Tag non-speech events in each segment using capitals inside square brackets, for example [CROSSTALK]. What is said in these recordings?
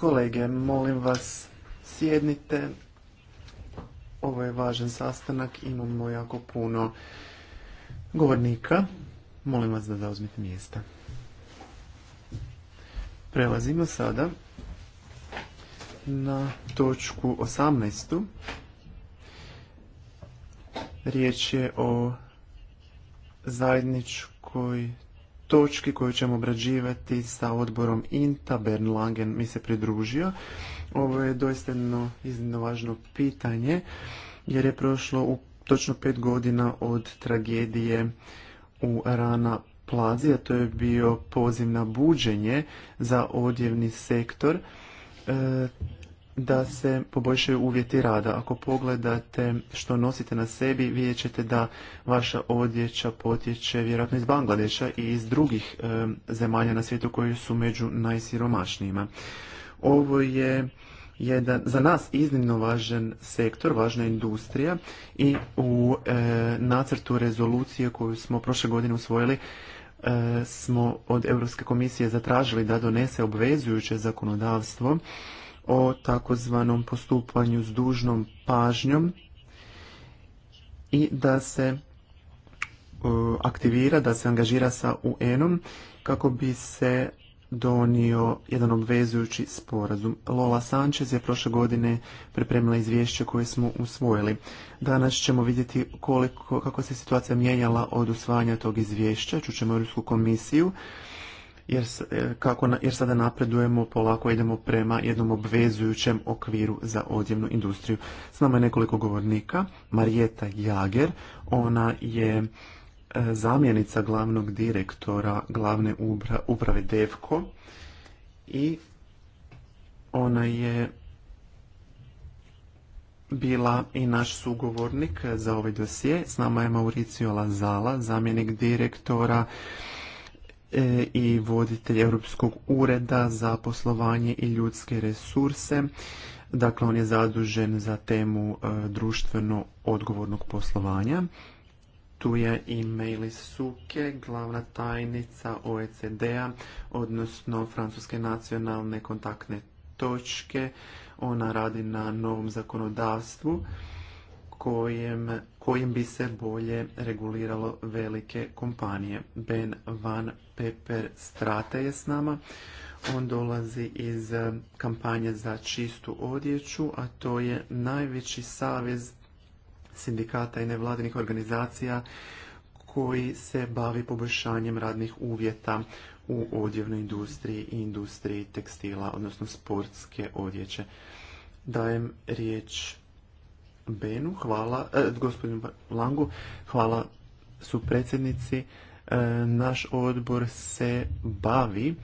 Kolege, molim vas, sjednite. Ovo je važan sastanak, imamo jako puno govornika. Molim vas da zauzmite mjesta. Prelazimo sada na točku 18. Riječ je o zajedničkoj točki koju ćemo obrađivati sa odborom INTA. Bern Langen mi se pridružio. Ovo je doista jedno iznimno važno pitanje jer je prošlo u točno pet godina od tragedije u Rana Plazi, a to je bio poziv na buđenje za odjevni sektor. E, da se poboljšaju uvjeti rada. Ako pogledate što nosite na sebi, vidjet ćete da vaša odjeća potječe vjerojatno iz Bangladeša i iz drugih e, zemalja na svijetu koji su među najsiromašnijima. Ovo je jedan za nas iznimno važan sektor, važna industrija i u e, nacrtu rezolucije koju smo prošle godine usvojili e, smo od Europske komisije zatražili da donese obvezujuće zakonodavstvo o takozvanom postupanju s dužnom pažnjom i da se e, aktivira, da se angažira sa UN-om kako bi se donio jedan obvezujući sporazum. Lola Sanchez je prošle godine pripremila izvješće koje smo usvojili. Danas ćemo vidjeti koliko, kako se situacija mijenjala od usvajanja tog izvješća. Čućemo Europsku komisiju jer, e, jer sada napredujemo, polako idemo prema jednom obvezujućem okviru za odjevnu industriju. S nama je nekoliko govornika, Marijeta Jager, ona je e, zamjenica glavnog direktora glavne uprave DEVKO i ona je bila i naš sugovornik za ovaj dosije. S nama je Mauricio Lazala, zamjenik direktora E, i voditelj Europskog ureda za poslovanje i ljudske resurse. Dakle, on je zadužen za temu e, društveno odgovornog poslovanja. Tu je i Meili Suke, glavna tajnica OECD-a, odnosno Francuske nacionalne kontaktne točke. Ona radi na novom zakonodavstvu kojim, kojim bi se bolje reguliralo velike kompanije. Ben Van Per Strate je s nama. On dolazi iz eh, kampanje za čistu odjeću, a to je najveći savez sindikata i nevladinih organizacija koji se bavi poboljšanjem radnih uvjeta u odjevnoj industriji i industriji tekstila, odnosno sportske odjeće. Dajem riječ Benu, hvala, eh, gospodinu Langu, hvala su predsjednici E, naš odbor se bavi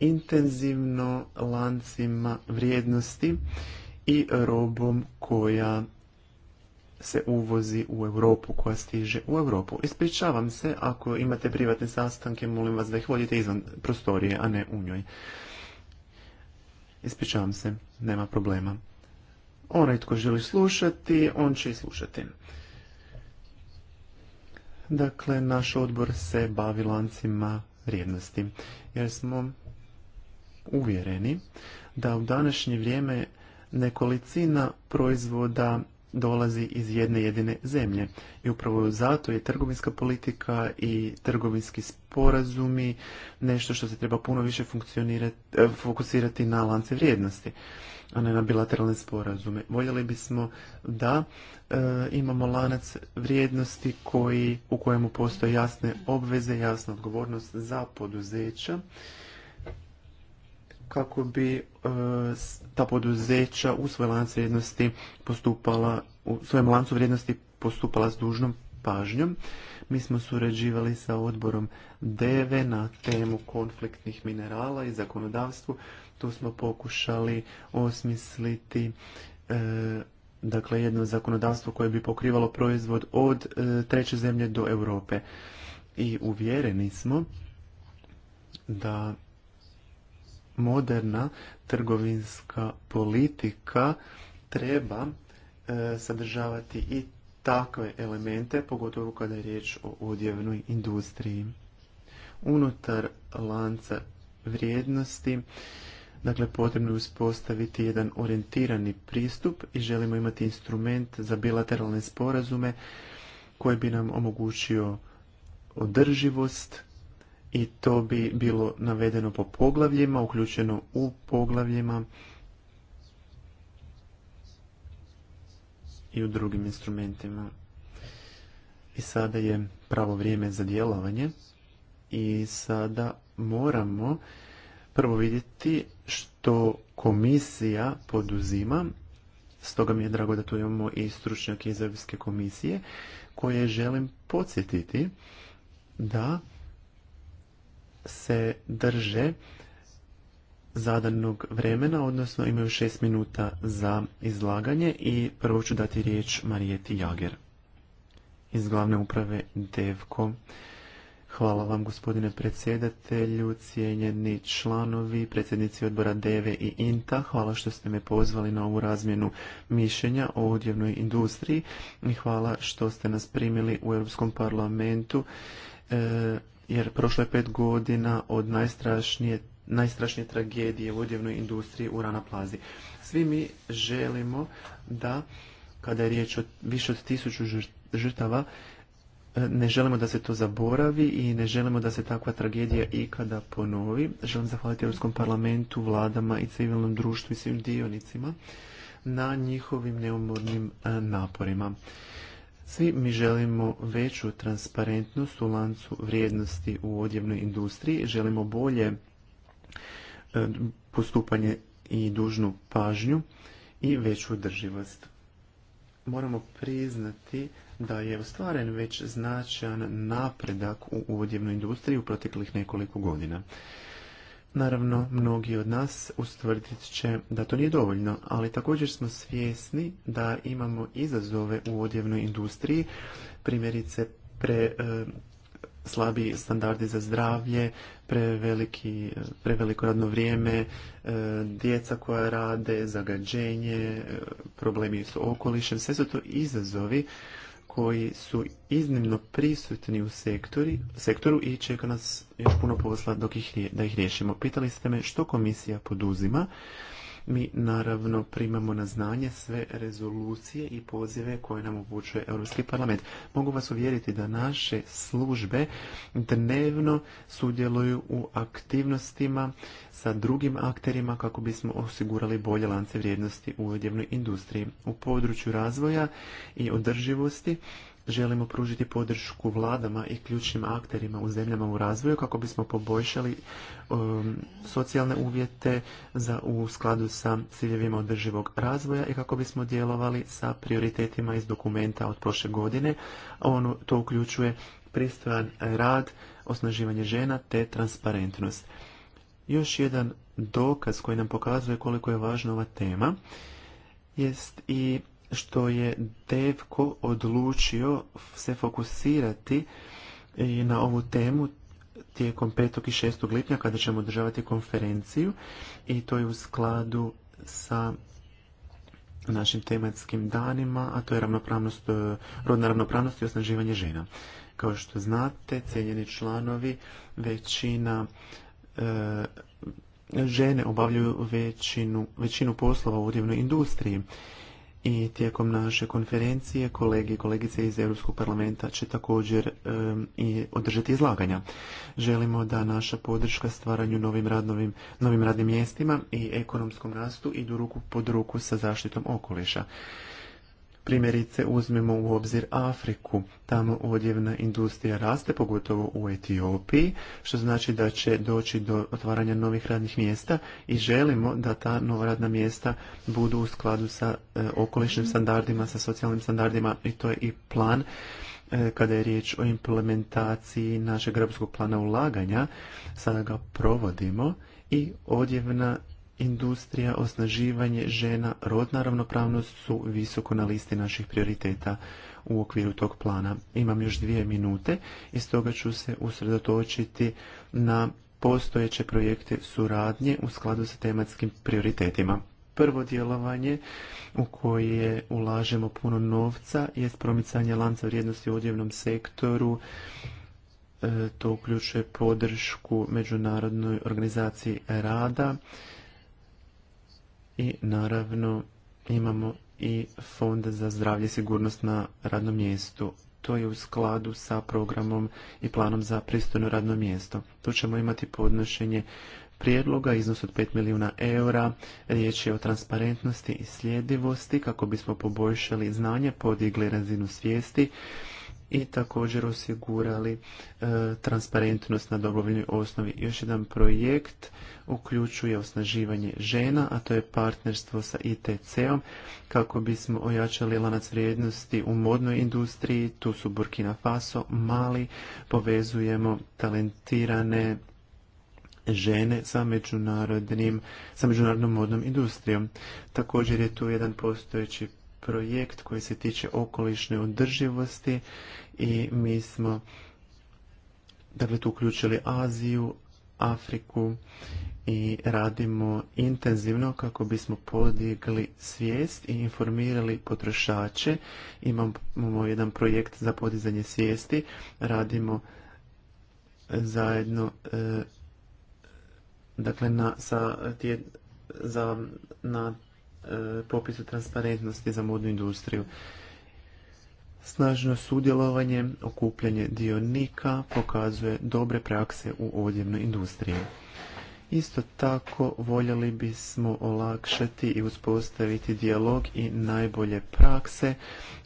intenzivno lancima vrijednosti i robom koja se uvozi u Europu, koja stiže u Europu. Ispričavam se, ako imate privatne sastanke, molim vas da ih vodite izvan prostorije, a ne u njoj. Ispričavam se, nema problema. Onaj tko želi slušati, on će i slušati. Dakle, naš odbor se bavi lancima vrijednosti, jer smo uvjereni da u današnje vrijeme nekolicina proizvoda dolazi iz jedne jedine zemlje. I upravo zato je trgovinska politika i trgovinski sporazumi nešto što se treba puno više e, fokusirati na lance vrijednosti a ne na bilateralne sporazume. Voljeli bismo da e, imamo lanac vrijednosti koji, u kojemu postoje jasne obveze, jasna odgovornost za poduzeća kako bi e, ta poduzeća u svoj lancu vrijednosti postupala, u svojem lancu vrijednosti postupala s dužnom pažnjom. Mi smo surađivali sa odborom DEVE e na temu konfliktnih minerala i zakonodavstvu. Tu smo pokušali osmisliti e, dakle jedno zakonodavstvo koje bi pokrivalo proizvod od treće zemlje do Europe. I uvjereni smo da moderna trgovinska politika treba e, sadržavati i takve elemente, pogotovo kada je riječ o odjevnoj industriji. Unutar lanca vrijednosti, dakle potrebno je uspostaviti jedan orijentirani pristup i želimo imati instrument za bilateralne sporazume koji bi nam omogućio održivost i to bi bilo navedeno po poglavljima, uključeno u poglavljima i u drugim instrumentima. I sada je pravo vrijeme za djelovanje i sada moramo prvo vidjeti što komisija poduzima. Stoga mi je drago da tu imamo i stručnjake iz Europske komisije koje želim podsjetiti da se drže zadanog vremena, odnosno imaju šest minuta za izlaganje i prvo ću dati riječ Marijeti Jager iz glavne uprave Devko. Hvala vam gospodine predsjedatelju, cijenjeni članovi, predsjednici odbora Deve i Inta. Hvala što ste me pozvali na ovu razmjenu mišljenja o odjevnoj industriji i hvala što ste nas primili u Europskom parlamentu. E, jer prošlo je pet godina od najstrašnije, najstrašnije tragedije u odjevnoj industriji u Rana Plazi. Svi mi želimo da, kada je riječ o više od tisuću žrtava, e, ne želimo da se to zaboravi i ne želimo da se takva tragedija ikada ponovi. Želim zahvaliti Europskom parlamentu, vladama i civilnom društvu i svim dionicima na njihovim neumornim e, naporima. Svi mi želimo veću transparentnost u lancu vrijednosti u odjevnoj industriji, želimo bolje e, postupanje i dužnu pažnju i veću održivost. Moramo priznati da je ostvaren već značajan napredak u odjevnoj industriji u proteklih nekoliko godina. Naravno, mnogi od nas ustvrdit će da to nije dovoljno, ali također smo svjesni da imamo izazove u odjevnoj industriji, primjerice pre e, slabi standardi za zdravlje, preveliki, preveliko radno vrijeme, e, djeca koja rade, zagađenje, e, problemi s okolišem, sve su to izazovi koji su iznimno prisutni u sektori, sektoru i čeka nas još puno posla dok ih, da ih riješimo. Pitali ste me što komisija poduzima mi naravno primamo na znanje sve rezolucije i pozive koje nam upućuje Europski parlament. Mogu vas uvjeriti da naše službe dnevno sudjeluju u aktivnostima sa drugim akterima kako bismo osigurali bolje lance vrijednosti u odjevnoj industriji. U području razvoja i održivosti želimo pružiti podršku vladama i ključnim akterima u zemljama u razvoju kako bismo poboljšali um, socijalne uvjete za u skladu sa ciljevima održivog razvoja i kako bismo djelovali sa prioritetima iz dokumenta od prošle godine. Ono to uključuje pristojan rad, osnaživanje žena te transparentnost. Još jedan dokaz koji nam pokazuje koliko je važna ova tema jest i što je Devko odlučio se fokusirati na ovu temu tijekom 5. i 6. lipnja kada ćemo održavati konferenciju i to je u skladu sa našim tematskim danima, a to je ravnopravnost, e, rodna ravnopravnost i osnaživanje žena. Kao što znate, cijenjeni članovi, većina e, žene obavljaju većinu, većinu poslova u udjevnoj industriji i tijekom naše konferencije kolege i kolegice iz Europskog parlamenta će također i održati izlaganja. Želimo da naša podrška stvaranju novim, novim radnim mjestima i ekonomskom rastu idu ruku pod ruku sa zaštitom okoliša. Primjerice uzmemo u obzir Afriku, tamo odjevna industrija raste, pogotovo u Etiopiji, što znači da će doći do otvaranja novih radnih mjesta i želimo da ta nova radna mjesta budu u skladu sa e, okolišnim standardima, sa socijalnim standardima i to je i plan e, kada je riječ o implementaciji našeg europskog plana ulaganja, sada ga provodimo i odjevna industrija, osnaživanje žena, rodna ravnopravnost su visoko na listi naših prioriteta u okviru tog plana. Imam još dvije minute i stoga ću se usredotočiti na postojeće projekte suradnje u skladu sa tematskim prioritetima. Prvo djelovanje u koje ulažemo puno novca jest promicanje lanca vrijednosti u odjevnom sektoru. E, to uključuje podršku Međunarodnoj organizaciji rada, i naravno imamo i Fond za zdravlje i sigurnost na radnom mjestu. To je u skladu sa programom i planom za pristojno radno mjesto. Tu ćemo imati podnošenje prijedloga, iznos od 5 milijuna eura. Riječ je o transparentnosti i sljedivosti kako bismo poboljšali znanje, podigli razinu svijesti i također osigurali e, transparentnost na dobrovoljnoj osnovi. Još jedan projekt uključuje osnaživanje žena, a to je partnerstvo sa ITC-om kako bismo ojačali lanac vrijednosti u modnoj industriji. Tu su Burkina Faso, Mali, povezujemo talentirane žene sa međunarodnim, sa međunarodnom modnom industrijom. Također je tu jedan postojeći projekt koji se tiče okolišne održivosti i mi smo dakle tu uključili Aziju, Afriku i radimo intenzivno kako bismo podigli svijest i informirali potrošače. Imamo jedan projekt za podizanje svijesti, radimo e, zajedno e, dakle na, sa, za, na E, popisu transparentnosti za modnu industriju. Snažno sudjelovanje, okupljanje dionika pokazuje dobre prakse u odjevnoj industriji. Isto tako voljeli bismo olakšati i uspostaviti dijalog i najbolje prakse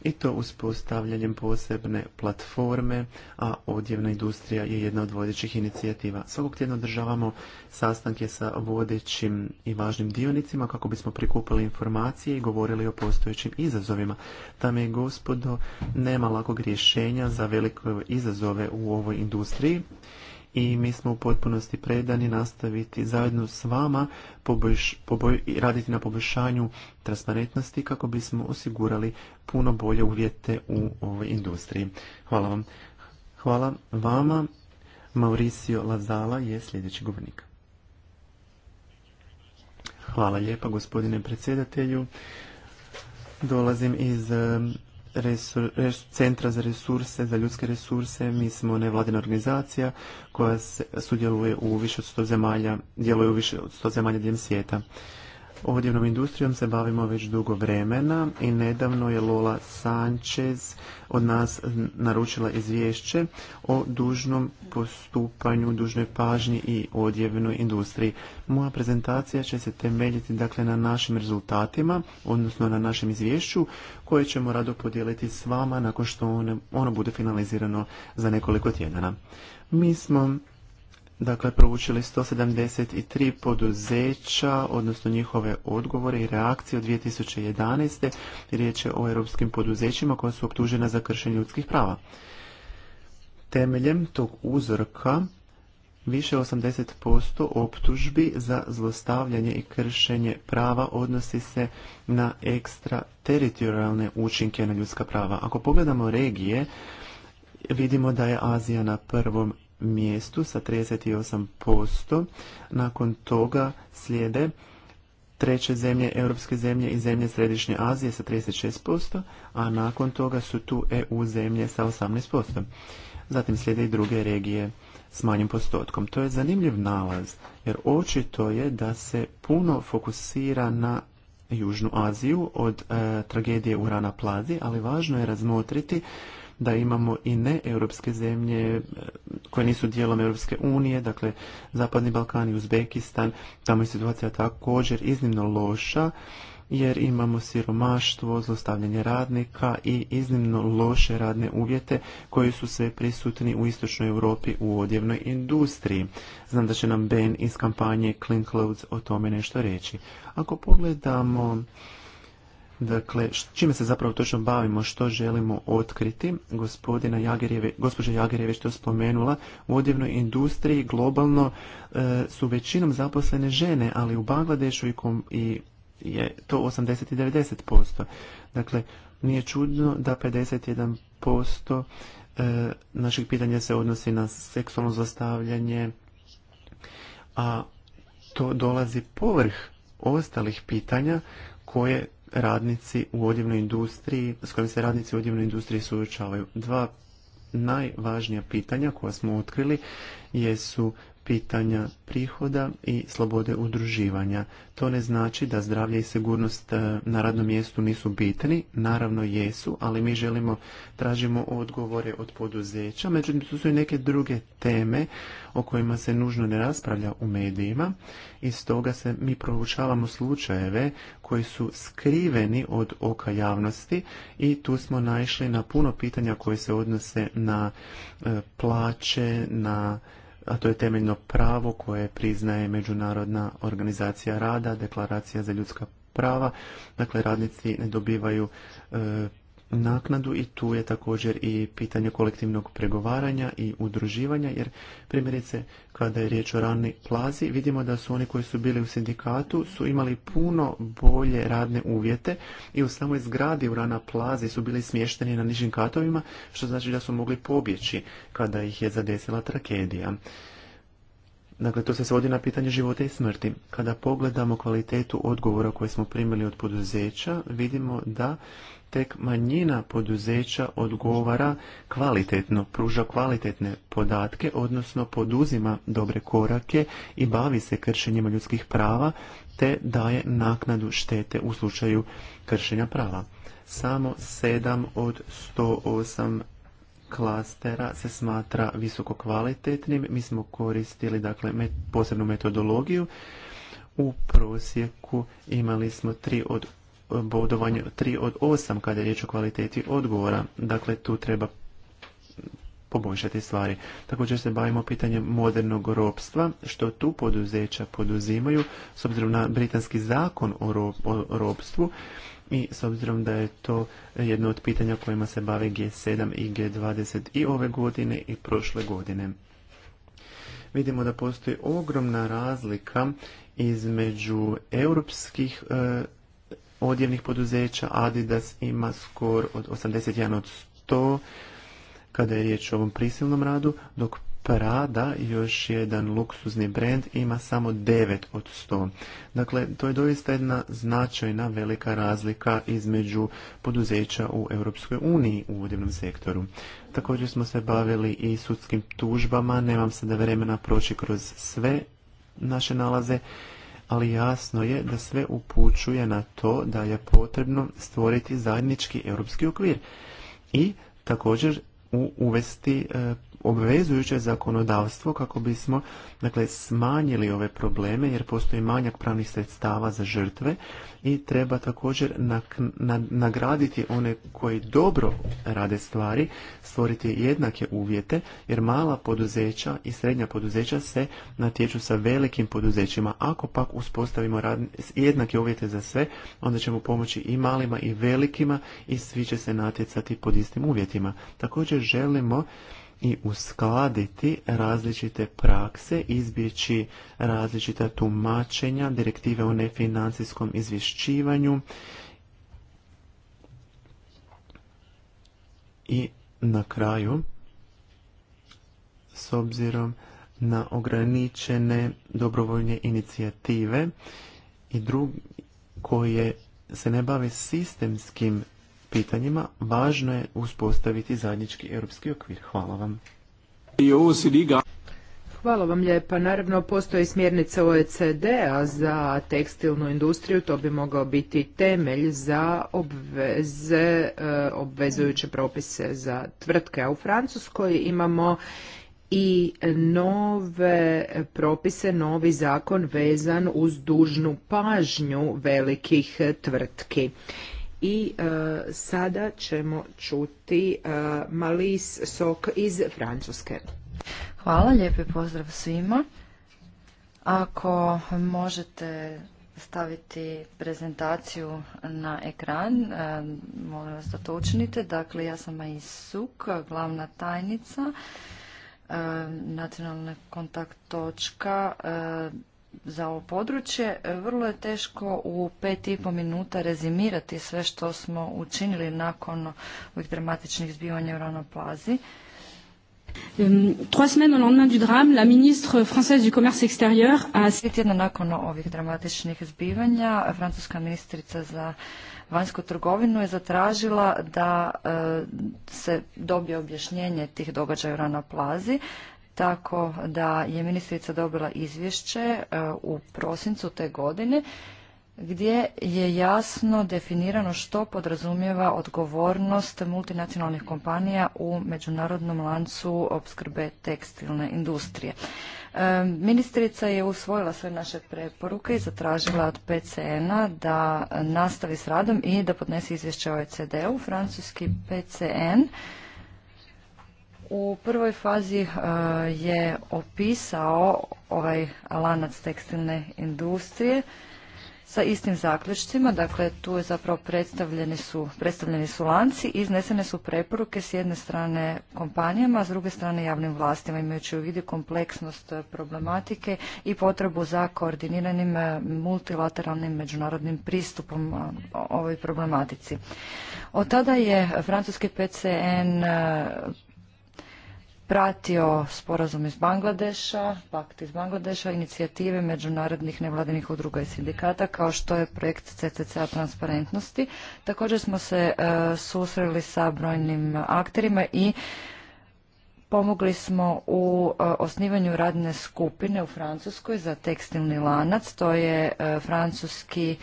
i to uspostavljanjem posebne platforme, a odjevna industrija je jedna od vodećih inicijativa. Svakog tjedna održavamo sastanke sa vodećim i važnim dionicima kako bismo prikupili informacije i govorili o postojećim izazovima. Dame i gospodo, nema lakog rješenja za velike izazove u ovoj industriji i mi smo u potpunosti predani nastaviti zajedno s vama raditi na poboljšanju transparentnosti kako bismo osigurali puno bolje uvjete u ovoj industriji. Hvala vam. Hvala vama. Mauricio Lazala je sljedeći govornik. Hvala lijepa gospodine predsjedatelju. Dolazim iz centra za resurse, za ljudske resurse. Mi smo nevladina organizacija koja se sudjeluje u više od 100 zemalja, djeluje u više od sto zemalja diljem svijeta. Odjevnom industrijom se bavimo već dugo vremena i nedavno je Lola Sanchez od nas naručila izvješće o dužnom postupanju, dužnoj pažnji i odjevnoj industriji. Moja prezentacija će se temeljiti dakle na našim rezultatima, odnosno na našem izvješću koje ćemo rado podijeliti s vama nakon što ono, ono bude finalizirano za nekoliko tjedana. Mi smo dakle proučili 173 poduzeća, odnosno njihove odgovore i reakcije od 2011. Riječ je o europskim poduzećima koja su optužena za kršenje ljudskih prava. Temeljem tog uzorka više 80% optužbi za zlostavljanje i kršenje prava odnosi se na ekstrateritorijalne učinke na ljudska prava. Ako pogledamo regije, vidimo da je Azija na prvom mjestu sa 38%. Nakon toga slijede treće zemlje, europske zemlje i zemlje Središnje Azije sa 36%, a nakon toga su tu EU zemlje sa 18%. Zatim slijede i druge regije s manjim postotkom. To je zanimljiv nalaz, jer očito je da se puno fokusira na Južnu Aziju od e, tragedije u Rana Plazi, ali važno je razmotriti da imamo i ne europske zemlje e, koje nisu dijelom Europske unije, dakle Zapadni Balkan i Uzbekistan, tamo je situacija također iznimno loša jer imamo siromaštvo, zlostavljanje radnika i iznimno loše radne uvjete koji su sve prisutni u istočnoj Europi u odjevnoj industriji. Znam da će nam Ben iz kampanje Clean Clothes o tome nešto reći. Ako pogledamo Dakle, čime se zapravo točno bavimo, što želimo otkriti, gospodina Jagerjeve, gospođa Jagerjeve što spomenula, u odjevnoj industriji globalno e, su većinom zaposlene žene, ali u Bangladešu i, kom, i je to 80 i 90%. Dakle, nije čudno da 51% e, naših pitanja se odnosi na seksualno zastavljanje, a to dolazi povrh ostalih pitanja koje radnici u odjevnoj industriji, s kojim se radnici u odjevnoj industriji suočavaju. Dva najvažnija pitanja koja smo otkrili jesu pitanja prihoda i slobode udruživanja. To ne znači da zdravlje i sigurnost e, na radnom mjestu nisu bitni, naravno jesu, ali mi želimo, tražimo odgovore od poduzeća. Međutim, tu su i neke druge teme o kojima se nužno ne raspravlja u medijima i stoga se mi proučavamo slučajeve koji su skriveni od oka javnosti i tu smo naišli na puno pitanja koje se odnose na e, plaće, na a to je temeljno pravo koje priznaje Međunarodna organizacija rada, deklaracija za ljudska prava. Dakle, radnici ne dobivaju e, naknadu i tu je također i pitanje kolektivnog pregovaranja i udruživanja jer primjerice kada je riječ o ranoj plazi vidimo da su oni koji su bili u sindikatu su imali puno bolje radne uvjete i u samoj zgradi u rana plazi su bili smješteni na nižim katovima što znači da su mogli pobjeći kada ih je zadesila tragedija. Dakle, to se svodi na pitanje života i smrti. Kada pogledamo kvalitetu odgovora koje smo primili od poduzeća, vidimo da tek manjina poduzeća odgovara kvalitetno, pruža kvalitetne podatke, odnosno poduzima dobre korake i bavi se kršenjima ljudskih prava, te daje naknadu štete u slučaju kršenja prava. Samo 7 od 108 klastera se smatra visoko kvalitetnim. Mi smo koristili dakle, met, posebnu metodologiju. U prosjeku imali smo 3 od bodovanje 3 od 8 kada je riječ o kvaliteti odgovora. Dakle, tu treba poboljšati stvari. Također se bavimo pitanjem modernog ropstva, što tu poduzeća poduzimaju s obzirom na britanski zakon o, ropstvu i s obzirom da je to jedno od pitanja kojima se bave G7 i G20 i ove godine i prošle godine. Vidimo da postoji ogromna razlika između europskih e, odjevnih poduzeća. Adidas ima skor od 81 od 100 kada je riječ o ovom prisilnom radu, dok Prada, još jedan luksuzni brend ima samo 9 od 100. Dakle, to je doista jedna značajna velika razlika između poduzeća u Europskoj uniji u odjevnom sektoru. Također smo se bavili i sudskim tužbama, nemam sada vremena proći kroz sve naše nalaze ali jasno je da sve upućuje na to da je potrebno stvoriti zajednički europski okvir i također uvesti e, obvezujuće zakonodavstvo kako bismo dakle, smanjili ove probleme jer postoji manjak pravnih sredstava za žrtve i treba također nagraditi one koji dobro rade stvari, stvoriti jednake uvjete jer mala poduzeća i srednja poduzeća se natječu sa velikim poduzećima. Ako pak uspostavimo jednake uvjete za sve, onda ćemo pomoći i malima i velikima i svi će se natjecati pod istim uvjetima. Također želimo i uskladiti različite prakse, izbjeći različita tumačenja, direktive o nefinancijskom izvješćivanju i na kraju, s obzirom na ograničene dobrovoljne inicijative i drug, koje se ne bave sistemskim pitanjima, važno je uspostaviti zajednički europski okvir. Hvala vam. Hvala vam lijepa. Naravno, postoji smjernica OECD-a za tekstilnu industriju. To bi mogao biti temelj za obveze, eh, obvezujuće propise za tvrtke. A u Francuskoj imamo i nove propise, novi zakon vezan uz dužnu pažnju velikih tvrtki i e, sada ćemo čuti e, Malis Sok iz Francuske. Hvala, lijepi pozdrav svima. Ako možete staviti prezentaciju na ekran, e, molim vas da to učinite. Dakle, ja sam Malis Sok, glavna tajnica nacionalna kontakt točka za ovo područje. E, vrlo je teško u pet i pol minuta rezimirati sve što smo učinili nakon ovih dramatičnih zbivanja u Ranoplazi. Trois semaines au lendemain du drame, la ministre française du commerce extérieur a... tjedna nakon ovih dramatičnih zbivanja, francuska ministrica za vanjsku trgovinu je zatražila da e, se dobije objašnjenje tih događaja u Rana Plazi tako da je ministrica dobila izvješće e, u prosincu te godine gdje je jasno definirano što podrazumijeva odgovornost multinacionalnih kompanija u međunarodnom lancu opskrbe tekstilne industrije. E, ministrica je usvojila sve naše preporuke i zatražila od PCN-a da nastavi s radom i da podnese izvješće ecd u Francuski PCN u prvoj fazi e, je opisao ovaj lanac tekstilne industrije sa istim zaključcima, dakle tu je zapravo predstavljeni su, predstavljeni su lanci i iznesene su preporuke s jedne strane kompanijama, s druge strane javnim vlastima, imajući u vidu kompleksnost e, problematike i potrebu za koordiniranim e, multilateralnim međunarodnim pristupom ovoj problematici. Od tada je francuski PCN pratio sporazum iz Bangladeša, pakt iz Bangladeša, inicijative međunarodnih nevladinih udruga i sindikata, kao što je projekt CCCA transparentnosti. Također smo se e, susreli sa brojnim akterima i pomogli smo u e, osnivanju radne skupine u Francuskoj za tekstilni lanac. To je e, francuski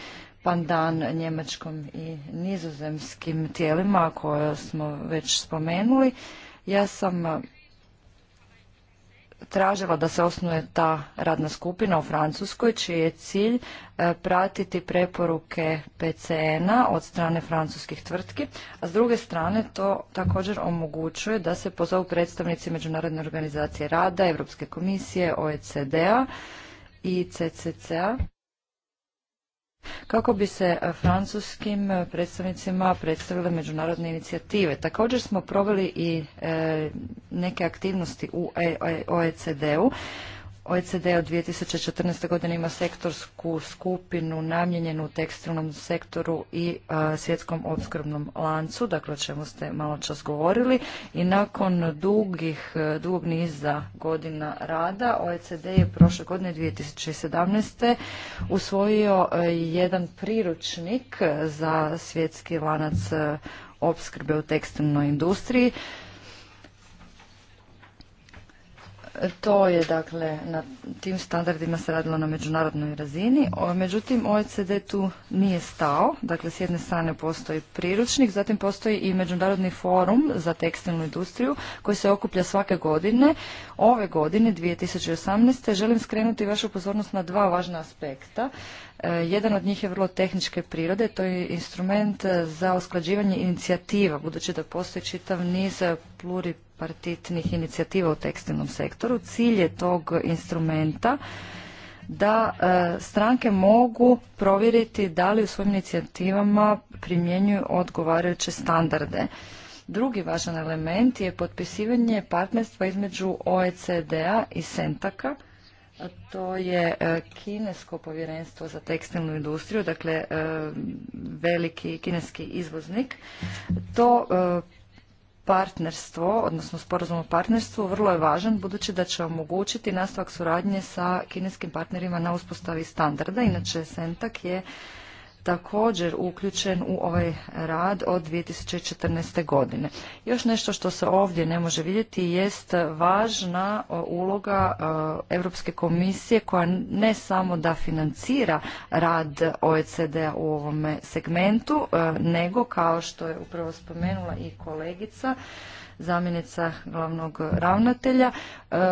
pandan njemačkom i nizozemskim tijelima koje smo već spomenuli. Ja sam tražila da se osnuje ta radna skupina u Francuskoj, čiji je cilj e, pratiti preporuke PCN-a od strane francuskih tvrtki, a s druge strane to također omogućuje da se pozovu predstavnici Međunarodne organizacije rada, Europske komisije, OECD-a i CCC-a kako bi se e, francuskim e, predstavnicima predstavile međunarodne inicijative. Također smo proveli i e, neke aktivnosti u OECD-u OECD od 2014. godine ima sektorsku skupinu namjenjenu tekstilnom sektoru i e, svjetskom opskrbnom lancu, dakle o čemu ste malo čas govorili. I nakon dugih, e, dugog niza godina rada, OECD je prošle godine 2017. usvojio e, jedan priručnik za svjetski lanac opskrbe u tekstilnoj industriji To je dakle, na tim standardima se radilo na međunarodnoj razini, međutim OECD tu nije stao, dakle s jedne strane postoji priručnik, zatim postoji i Međunarodni forum za tekstilnu industriju koji se okuplja svake godine. Ove godine, 2018. želim skrenuti vašu pozornost na dva važna aspekta. E, jedan od njih je vrlo tehničke prirode, to je instrument za usklađivanje inicijativa, budući da postoji čitav niz pluri partitnih inicijativa u tekstilnom sektoru. Cilj je tog instrumenta da e, stranke mogu provjeriti da li u svojim inicijativama primjenjuju odgovarajuće standarde. Drugi važan element je potpisivanje partnerstva između OECD-a i Sentaka, to je e, kinesko povjerenstvo za tekstilnu industriju, dakle e, veliki kineski izvoznik. To partnerstvo, odnosno sporazum o partnerstvu, vrlo je važan budući da će omogućiti nastavak suradnje sa kineskim partnerima na uspostavi standarda. Inače, Sentak je također uključen u ovaj rad od 2014. godine. Još nešto što se ovdje ne može vidjeti jest važna e, uloga e, Europske komisije koja ne samo da financira rad OECD-a u ovome segmentu, e, nego kao što je upravo spomenula i kolegica, zamjenica glavnog ravnatelja,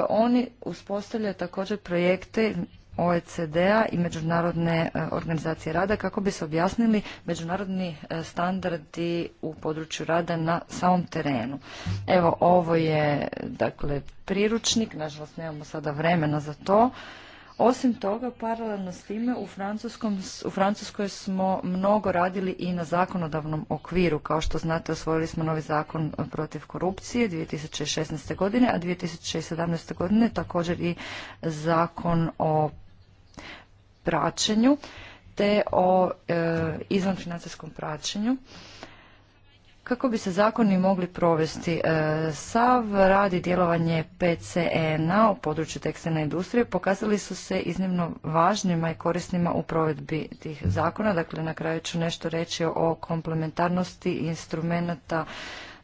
oni uspostavljaju također projekte OECD-a i Međunarodne e, organizacije rada kako bi se objasnili međunarodni e, standardi u području rada na samom terenu. Evo, ovo je dakle priručnik, nažalost nemamo sada vremena za to. Osim toga, paralelno s time, u, u Francuskoj smo mnogo radili i na zakonodavnom okviru. Kao što znate, osvojili smo novi zakon protiv korupcije 2016. godine, a 2017. godine također i zakon o praćenju te o e, izvanfinancijskom praćenju kako bi se zakoni mogli provesti, e, sav radi djelovanje PCN-a u području tekstilne industrije pokazali su se iznimno važnima i korisnima u provedbi tih zakona. Dakle, na kraju ću nešto reći o komplementarnosti instrumenta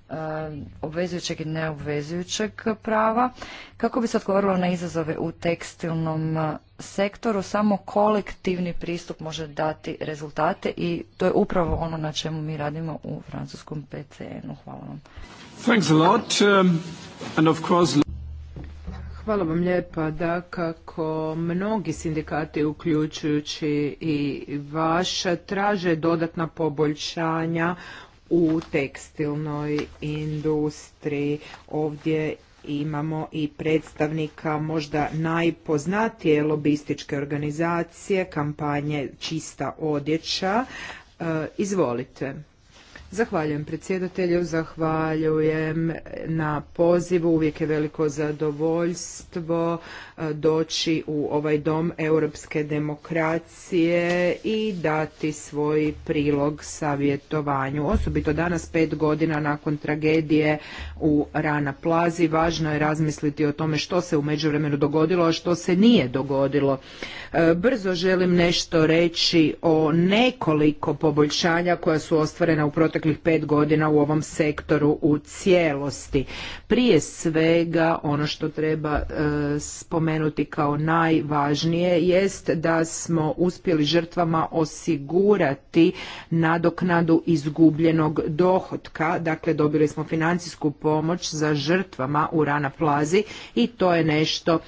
Eh, obvezujućeg i neobvezujućeg prava. Kako bi se odgovorilo na izazove u tekstilnom eh, sektoru, samo kolektivni pristup može dati rezultate i to je upravo ono na čemu mi radimo u francuskom PCN-u. Hvala vam. Um, Hvala vam lijepa. Da, kako mnogi sindikati, uključujući i vaš, traže dodatna poboljšanja u tekstilnoj industriji. Ovdje imamo i predstavnika možda najpoznatije lobističke organizacije kampanje Čista odjeća. E, izvolite. Zahvaljujem predsjedatelju, zahvaljujem na pozivu. Uvijek je veliko zadovoljstvo e, doći u ovaj dom europske demokracije i dati svoj prilog savjetovanju. Osobito danas, pet godina nakon tragedije u Rana Plazi, važno je razmisliti o tome što se u međuvremenu dogodilo, a što se nije dogodilo. E, brzo želim nešto reći o nekoliko poboljšanja koja su ostvarena u proteklom proteklih pet godina u ovom sektoru u cijelosti. Prije svega ono što treba e, spomenuti kao najvažnije jest da smo uspjeli žrtvama osigurati nadoknadu izgubljenog dohotka, dakle dobili smo financijsku pomoć za žrtvama u Rana plazi i to je nešto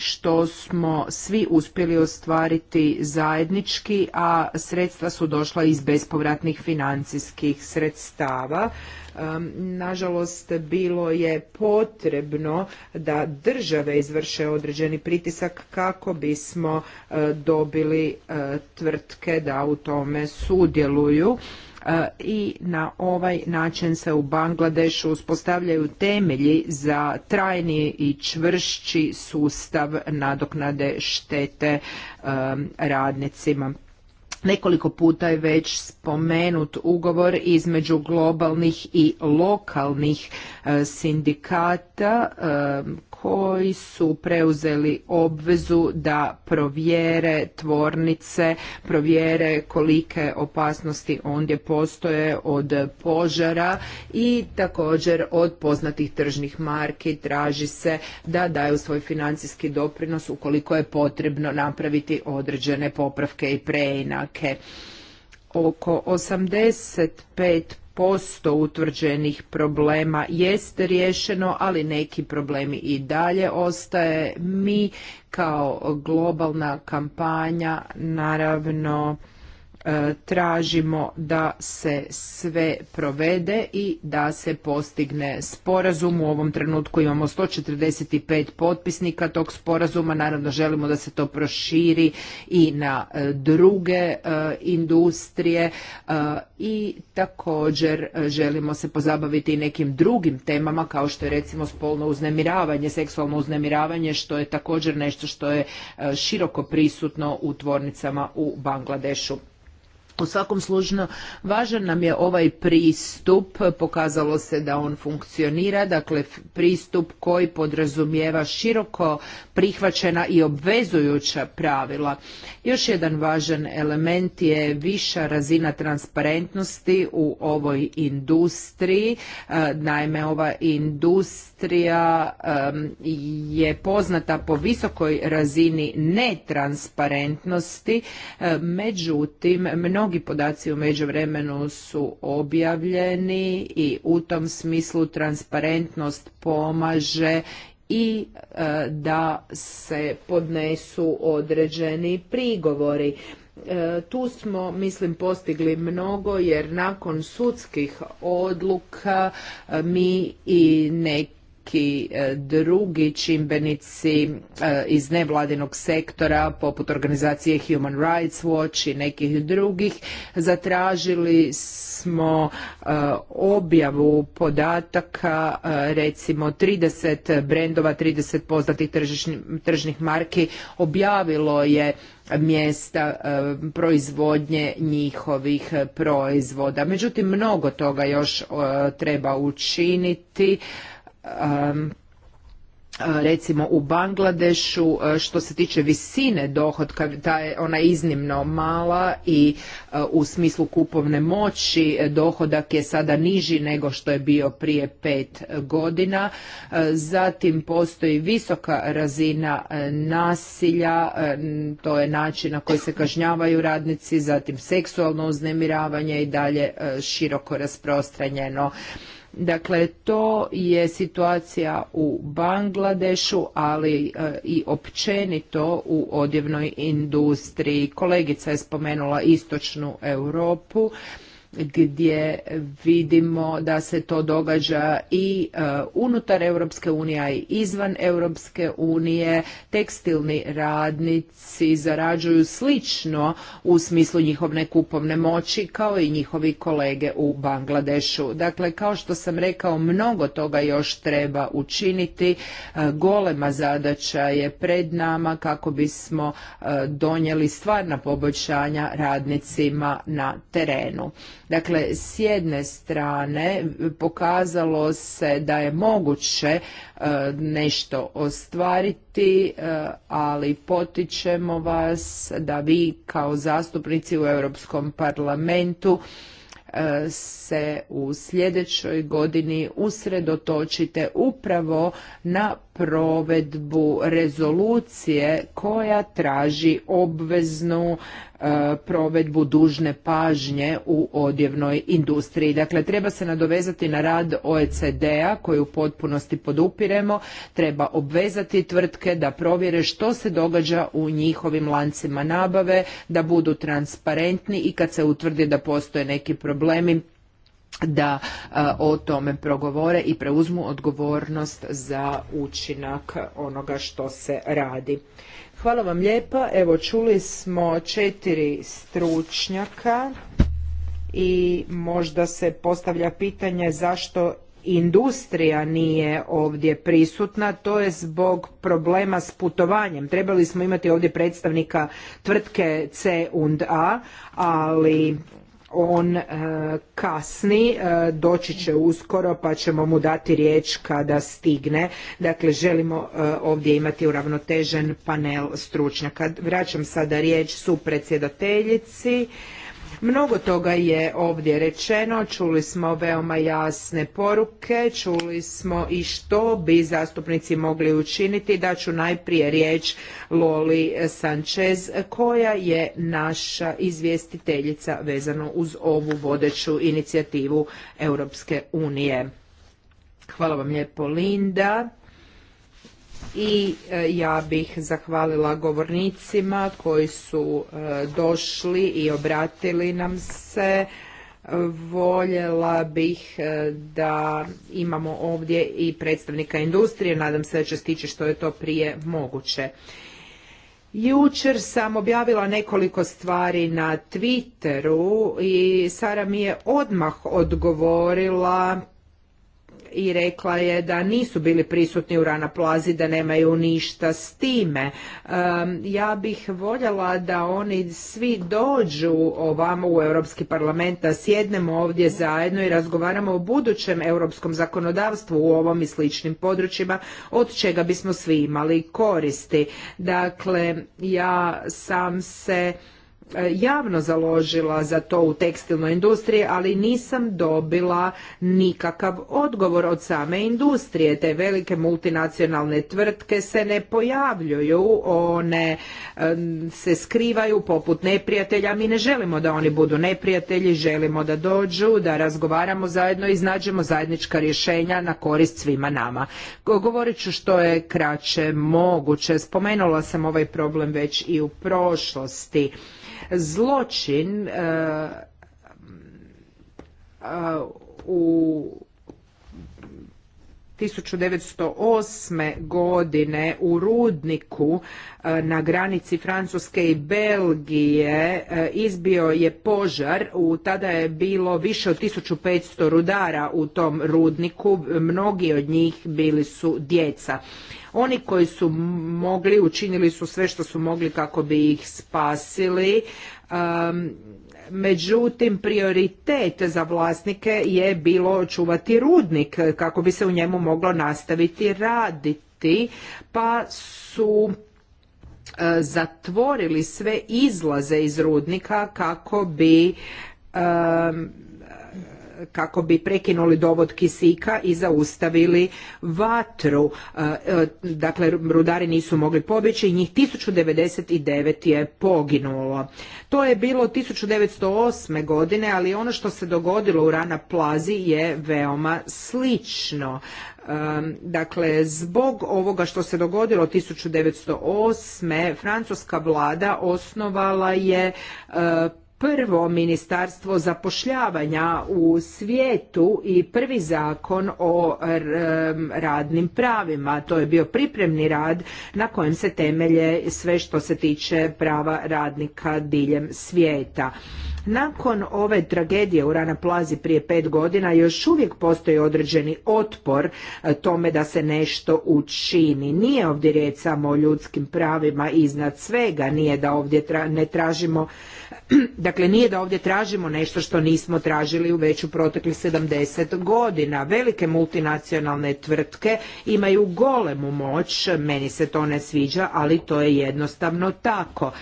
što smo svi uspjeli ostvariti zajednički, a sredstva su došla iz bespovratnih financijskih sredstava. Nažalost, bilo je potrebno da države izvrše određeni pritisak kako bismo e, dobili e, tvrtke da u tome sudjeluju E, i na ovaj način se u Bangladešu uspostavljaju temelji za trajni i čvršći sustav nadoknade štete e, radnicima. Nekoliko puta je već spomenut ugovor između globalnih i lokalnih e, sindikata koji su preuzeli obvezu da provjere tvornice, provjere kolike opasnosti ondje postoje od požara i također od poznatih tržnih marki traži se da daju svoj financijski doprinos ukoliko je potrebno napraviti određene popravke i preinake oko 85 posto utvrđenih problema jest riješeno, ali neki problemi i dalje ostaje. Mi kao globalna kampanja naravno E, tražimo da se sve provede i da se postigne sporazum. U ovom trenutku imamo 145 potpisnika tog sporazuma. Naravno želimo da se to proširi i na e, druge e, industrije i također želimo se pozabaviti i nekim drugim temama kao što je recimo spolno uznemiravanje, seksualno uznemiravanje što je također nešto što je široko prisutno u tvornicama u Bangladešu. U svakom slučaju važan nam je ovaj pristup, pokazalo se da on funkcionira, dakle pristup koji podrazumijeva široko prihvaćena i obvezujuća pravila. Još jedan važan element je viša razina transparentnosti u ovoj industriji. E, naime, ova industrija je poznata po visokoj razini netransparentnosti, e, međutim mnogo mnogi podaci u međuvremenu su objavljeni i u tom smislu transparentnost pomaže i e, da se podnesu određeni prigovori. E, tu smo, mislim, postigli mnogo jer nakon sudskih odluka e, mi i neki i e, drugi čimbenici e, iz nevladinog sektora poput organizacije Human Rights Watch i nekih drugih zatražili smo e, objavu podataka recimo 30 brendova 30 poznatih tržnih marki objavilo je mjesta proizvodnje njihovih proizvoda. Međutim, mnogo toga još treba učiniti recimo u Bangladešu e, što se tiče visine dohotka ta je ona iznimno mala i e, u smislu kupovne moći e, dohodak je sada niži nego što je bio prije pet godina zatim postoji visoka razina nasilja to je način na koji se kažnjavaju radnici zatim seksualno uznemiravanje i dalje široko rasprostranjeno Dakle, to je situacija u Bangladešu, ali e, i općenito u odjevnoj industriji. Kolegica je spomenula istočnu Europu gdje vidimo da se to događa i e, unutar Europske unije, i izvan Europske unije. Tekstilni radnici zarađuju slično u smislu njihovne kupovne moći kao i njihovi kolege u Bangladešu. Dakle, kao što sam rekao, mnogo toga još treba učiniti. E, golema zadaća je pred nama kako bismo e, donijeli stvarna poboljšanja radnicima na terenu. Dakle, s jedne strane pokazalo se da je moguće e, nešto ostvariti, e, ali potičemo vas da vi kao zastupnici u Europskom parlamentu e, se u sljedećoj godini usredotočite upravo na provedbu rezolucije koja traži obveznu e, provedbu dužne pažnje u odjevnoj industriji. Dakle, treba se nadovezati na rad OECD-a koji u potpunosti podupiremo, treba obvezati tvrtke da provjere što se događa u njihovim lancima nabave, da budu transparentni i kad se utvrdi da postoje neki problemi da o tome progovore i preuzmu odgovornost za učinak onoga što se radi. Hvala vam lijepa. Evo čuli smo četiri stručnjaka i možda se postavlja pitanje zašto industrija nije ovdje prisutna, to je zbog problema s putovanjem. Trebali smo imati ovdje predstavnika tvrtke C ali on e, kasni, e, doći će uskoro pa ćemo mu dati riječ kada stigne. Dakle, želimo e, ovdje imati uravnotežen panel stručnjaka. Vraćam sada riječ su predsjedateljici. Mnogo toga je ovdje rečeno, čuli smo veoma jasne poruke, čuli smo i što bi zastupnici mogli učiniti. Da ću najprije riječ Loli Sanchez koja je naša izvjestiteljica vezano uz ovu vodeću inicijativu Europske unije. Hvala vam lijepo Linda i e, ja bih zahvalila govornicima koji su e, došli i obratili nam se. Voljela bih e, da imamo ovdje i predstavnika industrije, nadam se da će stići što je to prije moguće. Jučer sam objavila nekoliko stvari na Twitteru i Sara mi je odmah odgovorila i rekla je da nisu bili prisutni u Rana Plazi, da nemaju ništa s time. ja bih voljela da oni svi dođu ovamo u Europski parlament, da sjednemo ovdje zajedno i razgovaramo o budućem europskom zakonodavstvu u ovom i sličnim područjima, od čega bismo svi imali koristi. Dakle, ja sam se E, javno založila za to u tekstilnoj industriji, ali nisam dobila nikakav odgovor od same industrije. Te velike multinacionalne tvrtke se ne pojavljuju, one e, se skrivaju poput neprijatelja. Mi ne želimo da oni budu neprijatelji, želimo da dođu, da razgovaramo zajedno i znađemo zajednička rješenja na korist svima nama. Govorit ću što je kraće moguće. Spomenula sam ovaj problem već i u prošlosti zločin eh, eh, u 1908. godine u Rudniku e, na granici Francuske i Belgije e, izbio je požar. U tada je bilo više od 1500 rudara u tom Rudniku. Mnogi od njih bili su djeca. Oni koji su mogli učinili su sve što su mogli kako bi ih spasili. Međutim, prioritet za vlasnike je bilo očuvati rudnik kako bi se u njemu moglo nastaviti raditi, pa su e, zatvorili sve izlaze iz rudnika kako bi e, kako bi prekinuli dovod kisika i zaustavili vatru. E, e, dakle, rudari nisu mogli pobjeći, i njih 1099 je poginulo. To je bilo 1908. godine, ali ono što se dogodilo u Rana Plazi je veoma slično. E, dakle, zbog ovoga što se dogodilo 1908. francuska vlada osnovala je prvo ministarstvo zapošljavanja u svijetu i prvi zakon o radnim pravima. To je bio pripremni rad na kojem se temelje sve što se tiče prava radnika diljem svijeta. Nakon ove tragedije u Rana Plazi prije pet godina još uvijek postoji određeni otpor e, tome da se nešto učini. Nije ovdje riječ samo o ljudskim pravima iznad svega, nije da ovdje ne tražimo, [CLEARS THROAT] dakle nije da ovdje tražimo nešto što nismo tražili u već u proteklih 70 godina. Velike multinacionalne tvrtke imaju golemu moć, meni se to ne sviđa, ali to je jednostavno tako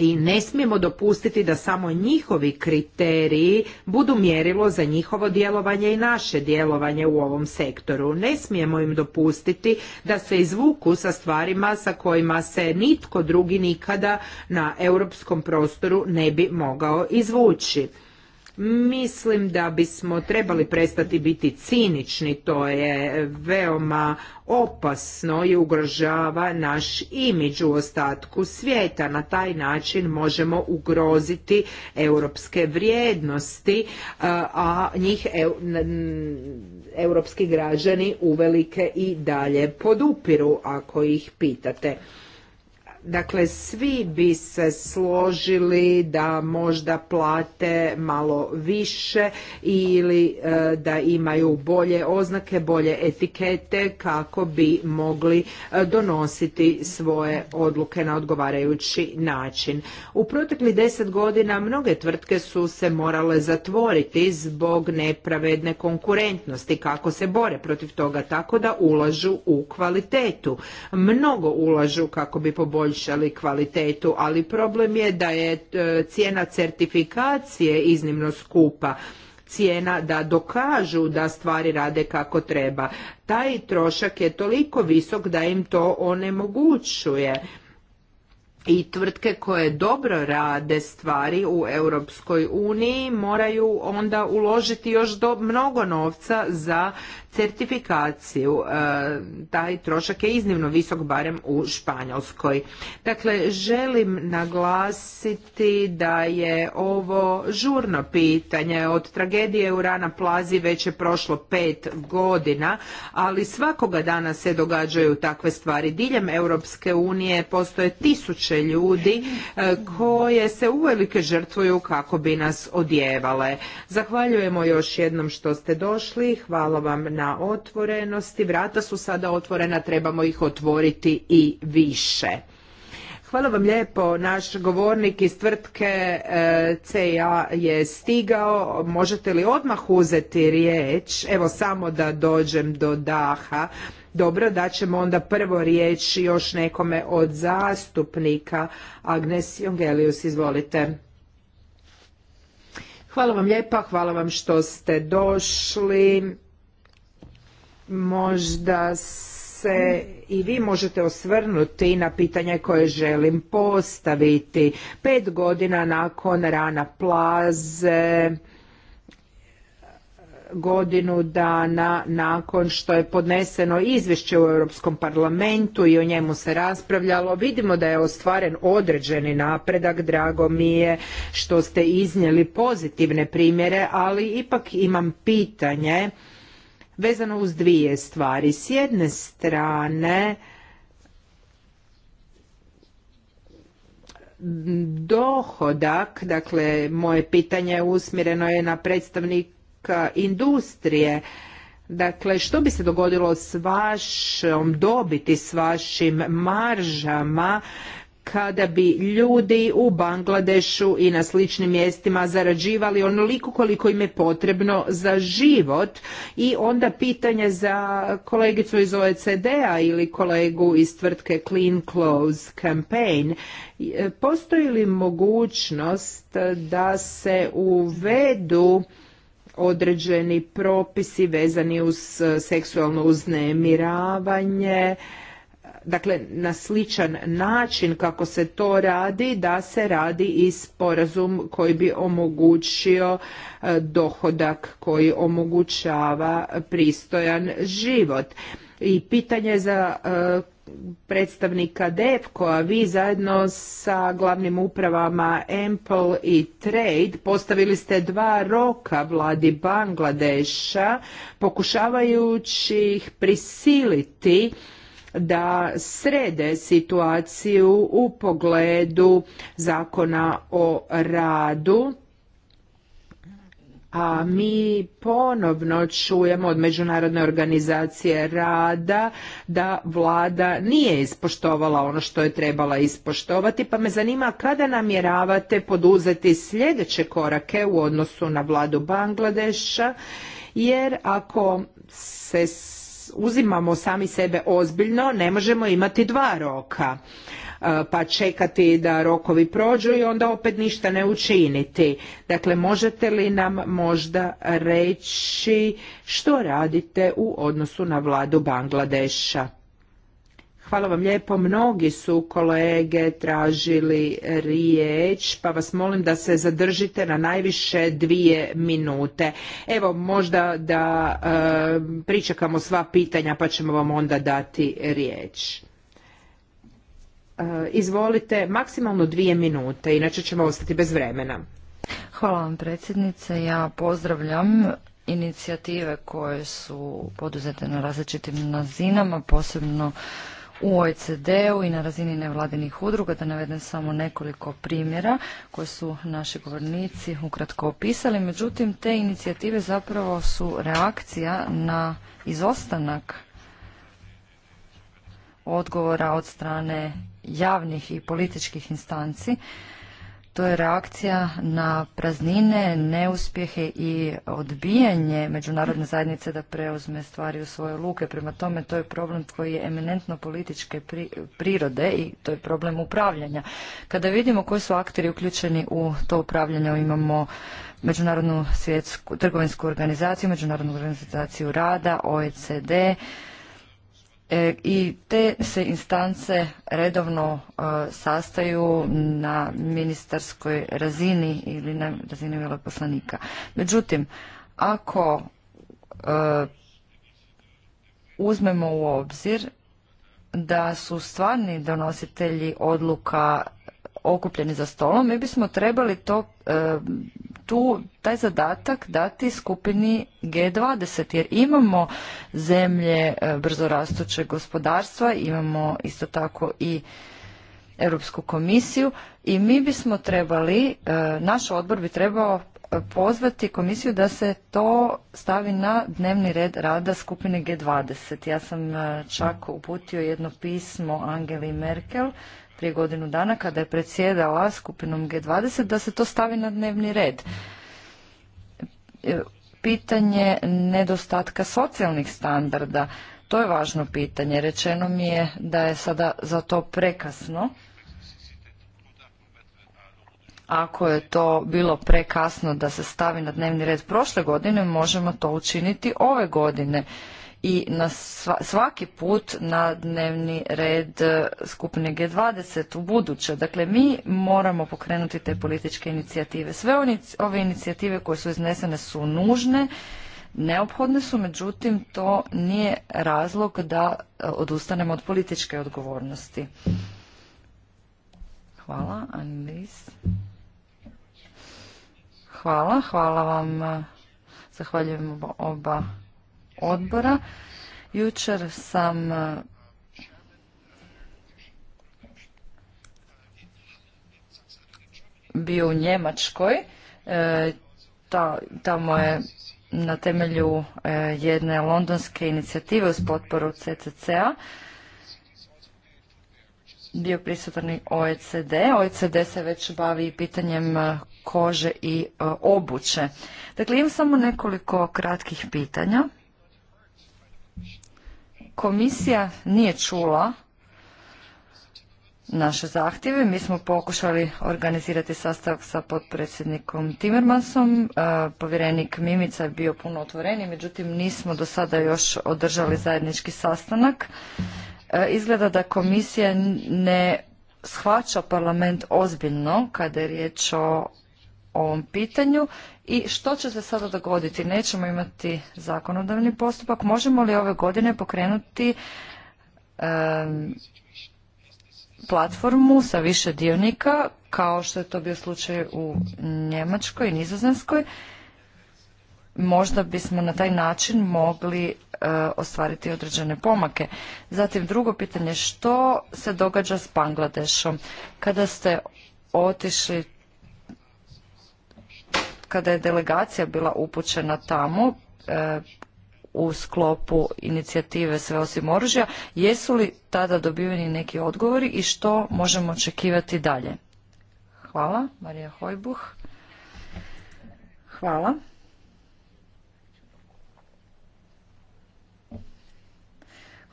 i ne smijemo dopustiti da samo njihovi kriteriji budu mjerilo za njihovo djelovanje i naše djelovanje u ovom sektoru. Ne smijemo im dopustiti da se izvuku sa stvarima sa kojima se nitko drugi nikada na europskom prostoru ne bi mogao izvući. Mislim da bismo trebali prestati biti cinični, to je veoma opasno i ugrožava naš imidž u ostatku svijeta. Na taj način možemo ugroziti europske vrijednosti, a njih europski građani uvelike i dalje podupiru ako ih pitate. Dakle, svi bi se složili da možda plate malo više ili e, da imaju bolje oznake, bolje etikete kako bi mogli e, donositi svoje odluke na odgovarajući način. U proteklih deset godina mnoge tvrtke su se morale zatvoriti zbog nepravedne konkurentnosti kako se bore protiv toga tako da ulažu u kvalitetu. Mnogo ulažu kako bi poboljšali poboljšali kvalitetu, ali problem je da je e, cijena certifikacije iznimno skupa cijena da dokažu da stvari rade kako treba. Taj trošak je toliko visok da im to onemogućuje i tvrtke koje dobro rade stvari u Europskoj uniji moraju onda uložiti još do mnogo novca za certifikaciju. E, taj trošak je iznimno visok, barem u Španjolskoj. Dakle, želim naglasiti da je ovo žurno pitanje. Od tragedije u Rana Plazi već je prošlo pet godina, ali svakoga dana se događaju takve stvari. Diljem Europske unije postoje tisuće tisuće ljudi e, koje se uvelike žrtvuju kako bi nas odjevale. Zahvaljujemo još jednom što ste došli, hvala vam na otvorenosti, vrata su sada otvorena, trebamo ih otvoriti i više. Hvala vam lijepo. Naš govornik iz tvrtke e, CA je stigao. Možete li odmah uzeti riječ? Evo samo da dođem do daha. Dobro, da ćemo onda prvo riječ još nekome od zastupnika. Agnes Jongelius, izvolite. Hvala vam lijepa, hvala vam što ste došli. Možda se i vi možete osvrnuti na pitanje koje želim postaviti. Pet godina nakon rana plaze, godinu dana nakon što je podneseno izvješće u Europskom parlamentu i o njemu se raspravljalo. Vidimo da je ostvaren određeni napredak, drago mi je što ste iznijeli pozitivne primjere, ali ipak imam pitanje vezano uz dvije stvari. S jedne strane, dohodak, dakle moje pitanje usmjereno je na predstavnik industrije. Dakle, što bi se dogodilo s vašom dobiti, s vašim maržama kada bi ljudi u Bangladešu i na sličnim mjestima zarađivali onoliko koliko im je potrebno za život i onda pitanje za kolegicu iz OECD-a ili kolegu iz tvrtke Clean Clothes Campaign postoji li mogućnost da se uvedu određeni propisi vezani uz e, seksualno uznemiravanje dakle na sličan način kako se to radi da se radi i sporazum koji bi omogućio e, dohodak koji omogućava pristojan život i pitanje za e, predstavnika DEPKO-a, vi zajedno sa glavnim upravama Ample i Trade postavili ste dva roka vladi Bangladeša pokušavajući ih prisiliti da srede situaciju u pogledu zakona o radu a mi ponovno čujemo od Međunarodne organizacije rada da vlada nije ispoštovala ono što je trebala ispoštovati, pa me zanima kada namjeravate poduzeti sljedeće korake u odnosu na vladu Bangladeša, jer ako se uzimamo sami sebe ozbiljno, ne možemo imati dva roka. E, pa čekati da rokovi prođu i onda opet ništa ne učiniti. Dakle, možete li nam možda reći što radite u odnosu na vladu Bangladeša? Hvala vam lijepo. Mnogi su kolege tražili riječ, pa vas molim da se zadržite na najviše dvije minute. Evo, možda da e, pričekamo sva pitanja pa ćemo vam onda dati riječ. E, izvolite, maksimalno dvije minute, inače ćemo ostati bez vremena. Hvala vam predsjednice, ja pozdravljam inicijative koje su poduzete na različitim nazinama, posebno u OECD-u i na razini nevladinih udruga, da navedem samo nekoliko primjera koje su naši govornici ukratko opisali. Međutim, te inicijative zapravo su reakcija na izostanak odgovora od strane javnih i političkih instanci. To je reakcija na praznine, neuspjehe i odbijanje međunarodne zajednice da preuzme stvari u svoje luke. Prema tome, to je problem koji je eminentno političke prirode i to je problem upravljanja. Kada vidimo koji su akteri uključeni u to upravljanje, imamo Međunarodnu svjetsku trgovinsku organizaciju, Međunarodnu organizaciju rada, OECD, E, i te se instance redovno e, sastaju na ministarskoj razini ili na razini veleposlanika. Međutim, ako e, uzmemo u obzir da su stvarni donositelji odluka okupljeni za stolom, mi bismo trebali to, e, tu, taj zadatak dati skupini G20, jer imamo zemlje e, brzo rastućeg gospodarstva, imamo isto tako i Europsku komisiju i mi bismo trebali, e, naš odbor bi trebao pozvati komisiju da se to stavi na dnevni red rada skupine G20. Ja sam čak uputio jedno pismo Angeli Merkel prije godinu dana kada je predsjedala skupinom G20 da se to stavi na dnevni red. E, pitanje nedostatka socijalnih standarda, to je važno pitanje. Rečeno mi je da je sada za to prekasno. Ako je to bilo prekasno da se stavi na dnevni red prošle godine, možemo to učiniti ove godine i na svaki put na dnevni red e, skupine G20 u buduće. Dakle, mi moramo pokrenuti te političke inicijative. Sve ove inicijative koje su iznesene su nužne, neophodne su, međutim to nije razlog da e, odustanemo od političke odgovornosti. Hvala, Annelies. Hvala, hvala vam. Zahvaljujemo oba odbora. Jučer sam e, bio u Njemačkoj. E, tamo je na temelju e, jedne londonske inicijative uz potporu CCC-a bio prisutan OECD. OECD se već bavi pitanjem kože i obuće. Dakle, imam samo nekoliko kratkih pitanja. Komisija nije čula naše zahtjeve. Mi smo pokušali organizirati sastavak sa potpredsjednikom Timmermansom. E, povjerenik Mimica je bio puno otvoreni, međutim nismo do sada još održali zajednički sastanak. E, izgleda da komisija ne shvaća parlament ozbiljno kada je riječ o ovom pitanju i što će se sada dogoditi? Nećemo imati zakonodavni postupak. Možemo li ove godine pokrenuti platformu sa više dionika, kao što je to bio slučaj u Njemačkoj i Nizozemskoj? Možda bismo na taj način mogli e, ostvariti određene pomake. Zatim drugo pitanje, što se događa s Bangladešom? Kada ste otišli kada je delegacija bila upućena tamo e, u sklopu inicijative Sve osim oružja, jesu li tada dobiveni neki odgovori i što možemo očekivati dalje? Hvala, Marija Hojbuh. Hvala.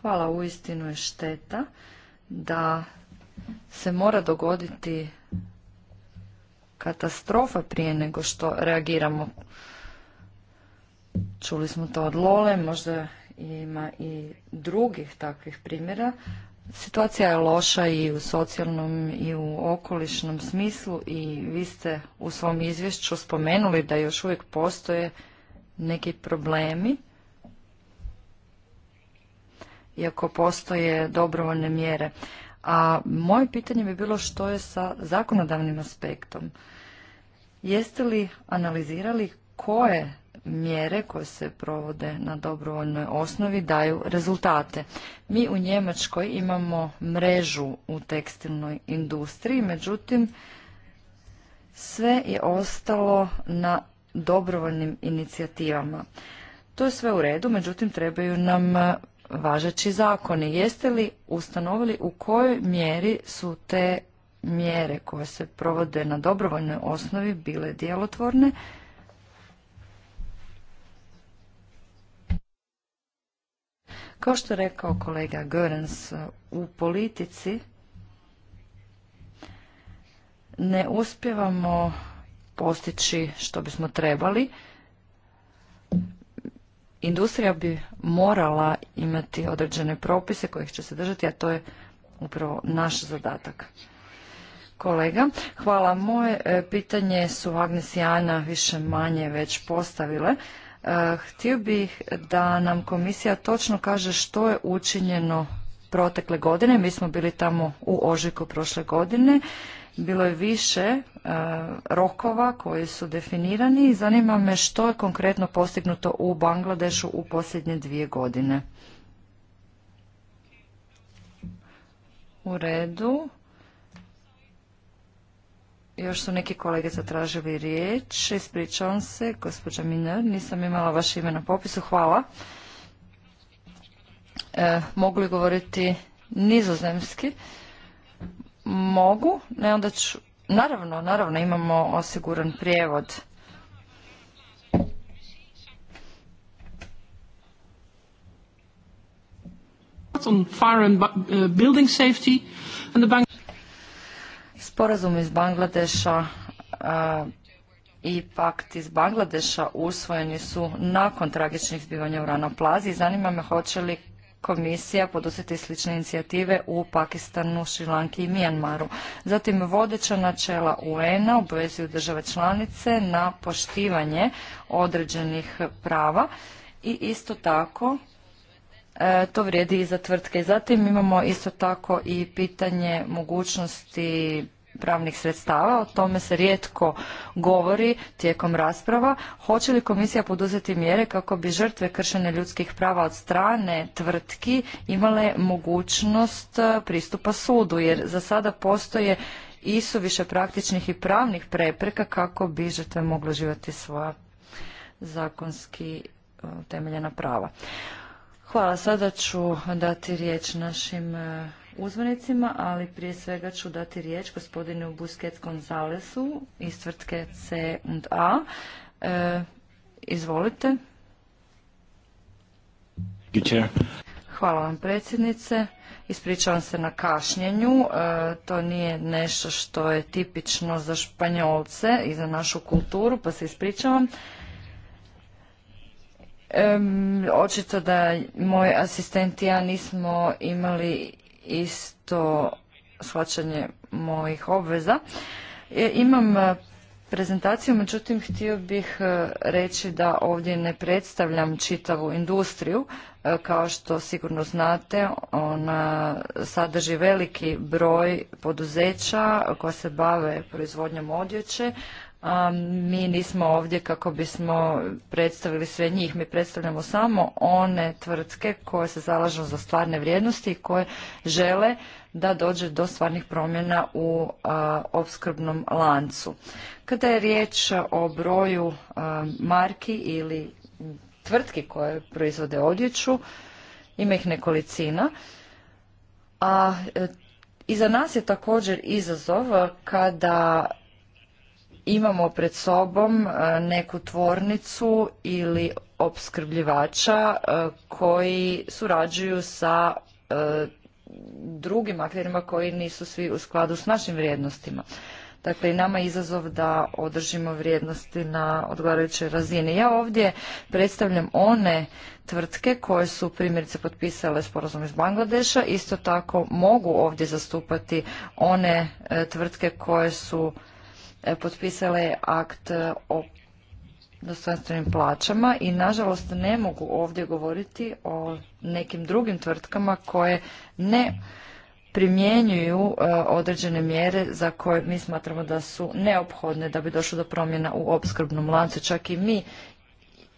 Hvala, uistinu je šteta da se mora dogoditi katastrofa prije nego što reagiramo. Čuli smo to od Lole, možda ima i drugih takvih primjera. Situacija je loša i u socijalnom i u okolišnom smislu i vi ste u svom izvješću spomenuli da još uvijek postoje neki problemi. Iako postoje dobrovoljne mjere. A moje pitanje bi bilo što je sa zakonodavnim aspektom. Jeste li analizirali koje mjere koje se provode na dobrovoljnoj osnovi daju rezultate. Mi u Njemačkoj imamo mrežu u tekstilnoj industriji, međutim sve je ostalo na dobrovoljnim inicijativama. To je sve u redu, međutim trebaju nam važeći zakoni. Jeste li ustanovili u kojoj mjeri su te mjere koje se provode na dobrovoljnoj osnovi bile djelotvorne. Kao što je rekao kolega Görens, u politici ne uspjevamo postići što bismo trebali. Industrija bi morala imati određene propise kojih će se držati, a to je upravo naš zadatak kolega. Hvala. Moje e, pitanje su Agnes i Ana više manje već postavile. E, htio bih da nam komisija točno kaže što je učinjeno protekle godine. Mi smo bili tamo u ožujku prošle godine. Bilo je više e, rokova koji su definirani i zanima me što je konkretno postignuto u Bangladešu u posljednje dvije godine. U redu. Još su neki kolege zatražili riječ. Ispričavam se, gospođa Miner, nisam imala vaše ime na popisu. Hvala. E, mogu li govoriti nizozemski? Mogu, ne onda ću... Naravno, naravno, imamo osiguran prijevod. on uh, building safety Sporazum iz Bangladeša e, i pakt iz Bangladeša usvojeni su nakon tragičnih zbivanja u Rana Plazi i zanima me hoće li komisija poduzeti slične inicijative u Pakistanu, Šilanki i Mijanmaru. Zatim vodeća načela UN-a obvezuju države članice na poštivanje određenih prava i isto tako e, to vrijedi i za tvrtke. Zatim imamo isto tako i pitanje mogućnosti pravnih sredstava, o tome se rijetko govori tijekom rasprava. Hoće li komisija poduzeti mjere kako bi žrtve kršenja ljudskih prava od strane tvrtki imale mogućnost e, pristupa sudu, jer za sada postoje i praktičnih i pravnih prepreka kako bi žrtve mogle živjeti svoja zakonski e, temeljena prava. Hvala, sada ću dati riječ našim e, uzvanicima, ali prije svega ću dati riječ gospodinu Busquets Gonzalesu iz tvrtke C&A. E, izvolite. Hvala vam predsjednice. Ispričavam se na kašnjenju. E, to nije nešto što je tipično za Španjolce i za našu kulturu, pa se ispričavam. očito da moj asistent i ja nismo imali isto shvaćanje mojih obveza. E, imam e, prezentaciju, međutim htio bih e, reći da ovdje ne predstavljam čitavu industriju. Kao što sigurno znate, ona sadrži veliki broj poduzeća koja se bave proizvodnjom odjeće, mi nismo ovdje kako bismo predstavili sve njih. Mi predstavljamo samo one tvrtke koje se zalažu za stvarne vrijednosti i koje žele da dođe do stvarnih promjena u opskrbnom lancu. Kada je riječ o broju marki ili tvrtki koje proizvode odjeću, ima ih nekolicina, a e, iza nas je također izazov kada imamo pred sobom e, neku tvornicu ili opskrbljivača e, koji surađuju sa e, drugim akterima koji nisu svi u skladu s našim vrijednostima. Dakle, i nama je izazov da održimo vrijednosti na odgovarajućoj razini. Ja ovdje predstavljam one tvrtke koje su primjerice potpisale sporazum iz Bangladeša. Isto tako mogu ovdje zastupati one tvrtke koje su potpisale je akt o dostojanstvenim plaćama i nažalost ne mogu ovdje govoriti o nekim drugim tvrtkama koje ne primjenjuju e, određene mjere za koje mi smatramo da su neophodne da bi došlo do promjena u opskrbnom lancu. Čak i mi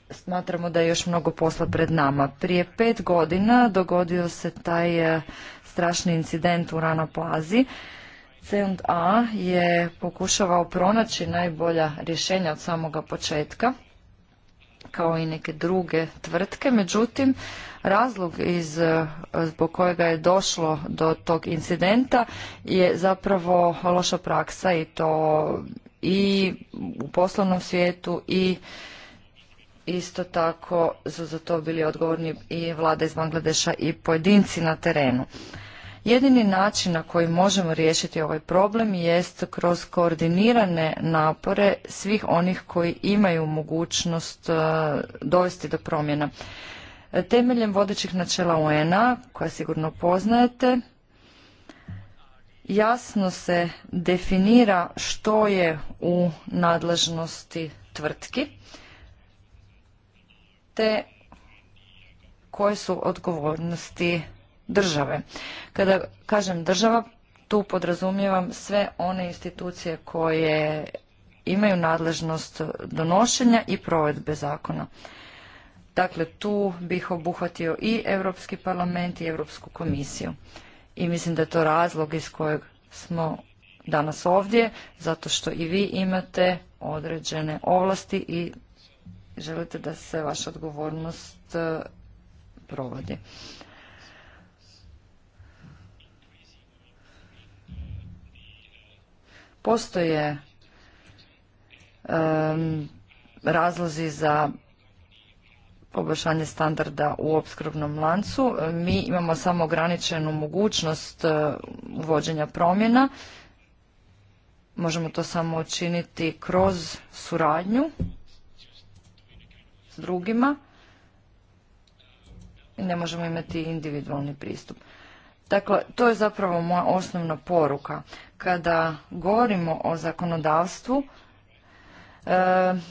smatramo da je još mnogo posla pred nama. Prije pet godina dogodio se taj e, strašni incident u Rana Plazi C&A A je pokušavao pronaći najbolja rješenja od samoga početka, kao i neke druge tvrtke. Međutim, razlog iz, zbog kojega je došlo do tog incidenta je zapravo loša praksa i to i u poslovnom svijetu i isto tako su za to bili odgovorni i vlada iz Bangladeša i pojedinci na terenu. Jedini način na koji možemo riješiti ovaj problem jest kroz koordinirane napore svih onih koji imaju mogućnost e, dovesti do promjena. E, temeljem vodećih načela un koja sigurno poznajete, jasno se definira što je u nadležnosti tvrtki, te koje su odgovornosti države. Kada kažem država, tu podrazumijevam sve one institucije koje imaju nadležnost donošenja i provedbe zakona. Dakle, tu bih obuhvatio i Europski parlament i Europsku komisiju. I mislim da je to razlog iz kojeg smo danas ovdje, zato što i vi imate određene ovlasti i želite da se vaša odgovornost eh, provodi. Postoje razlozi za poboljšanje standarda u opskrbnom lancu. Mi imamo samo ograničenu mogućnost e, uvođenja promjena. Možemo to samo učiniti kroz suradnju s drugima. Ne možemo imati individualni pristup. Dakle, to je zapravo moja osnovna poruka. Kada govorimo o zakonodavstvu, e,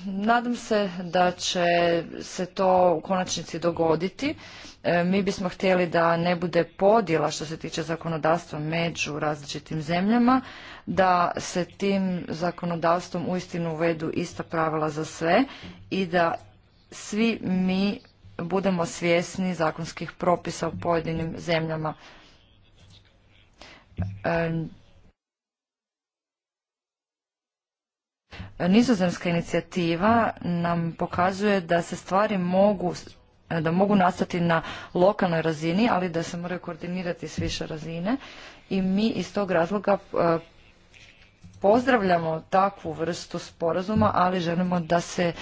nadam se da će se to u konačnici dogoditi. E, mi bismo htjeli da ne bude podjela što se tiče zakonodavstva među različitim zemljama, da se tim zakonodavstvom uistinu uvedu ista pravila za sve i da svi mi budemo svjesni zakonskih propisa u pojedinim zemljama Nizozemska inicijativa nam pokazuje da se stvari mogu da mogu nastati na lokalnoj razini, ali da se moraju koordinirati s više razine i mi iz tog razloga pozdravljamo takvu vrstu sporazuma, ali želimo da se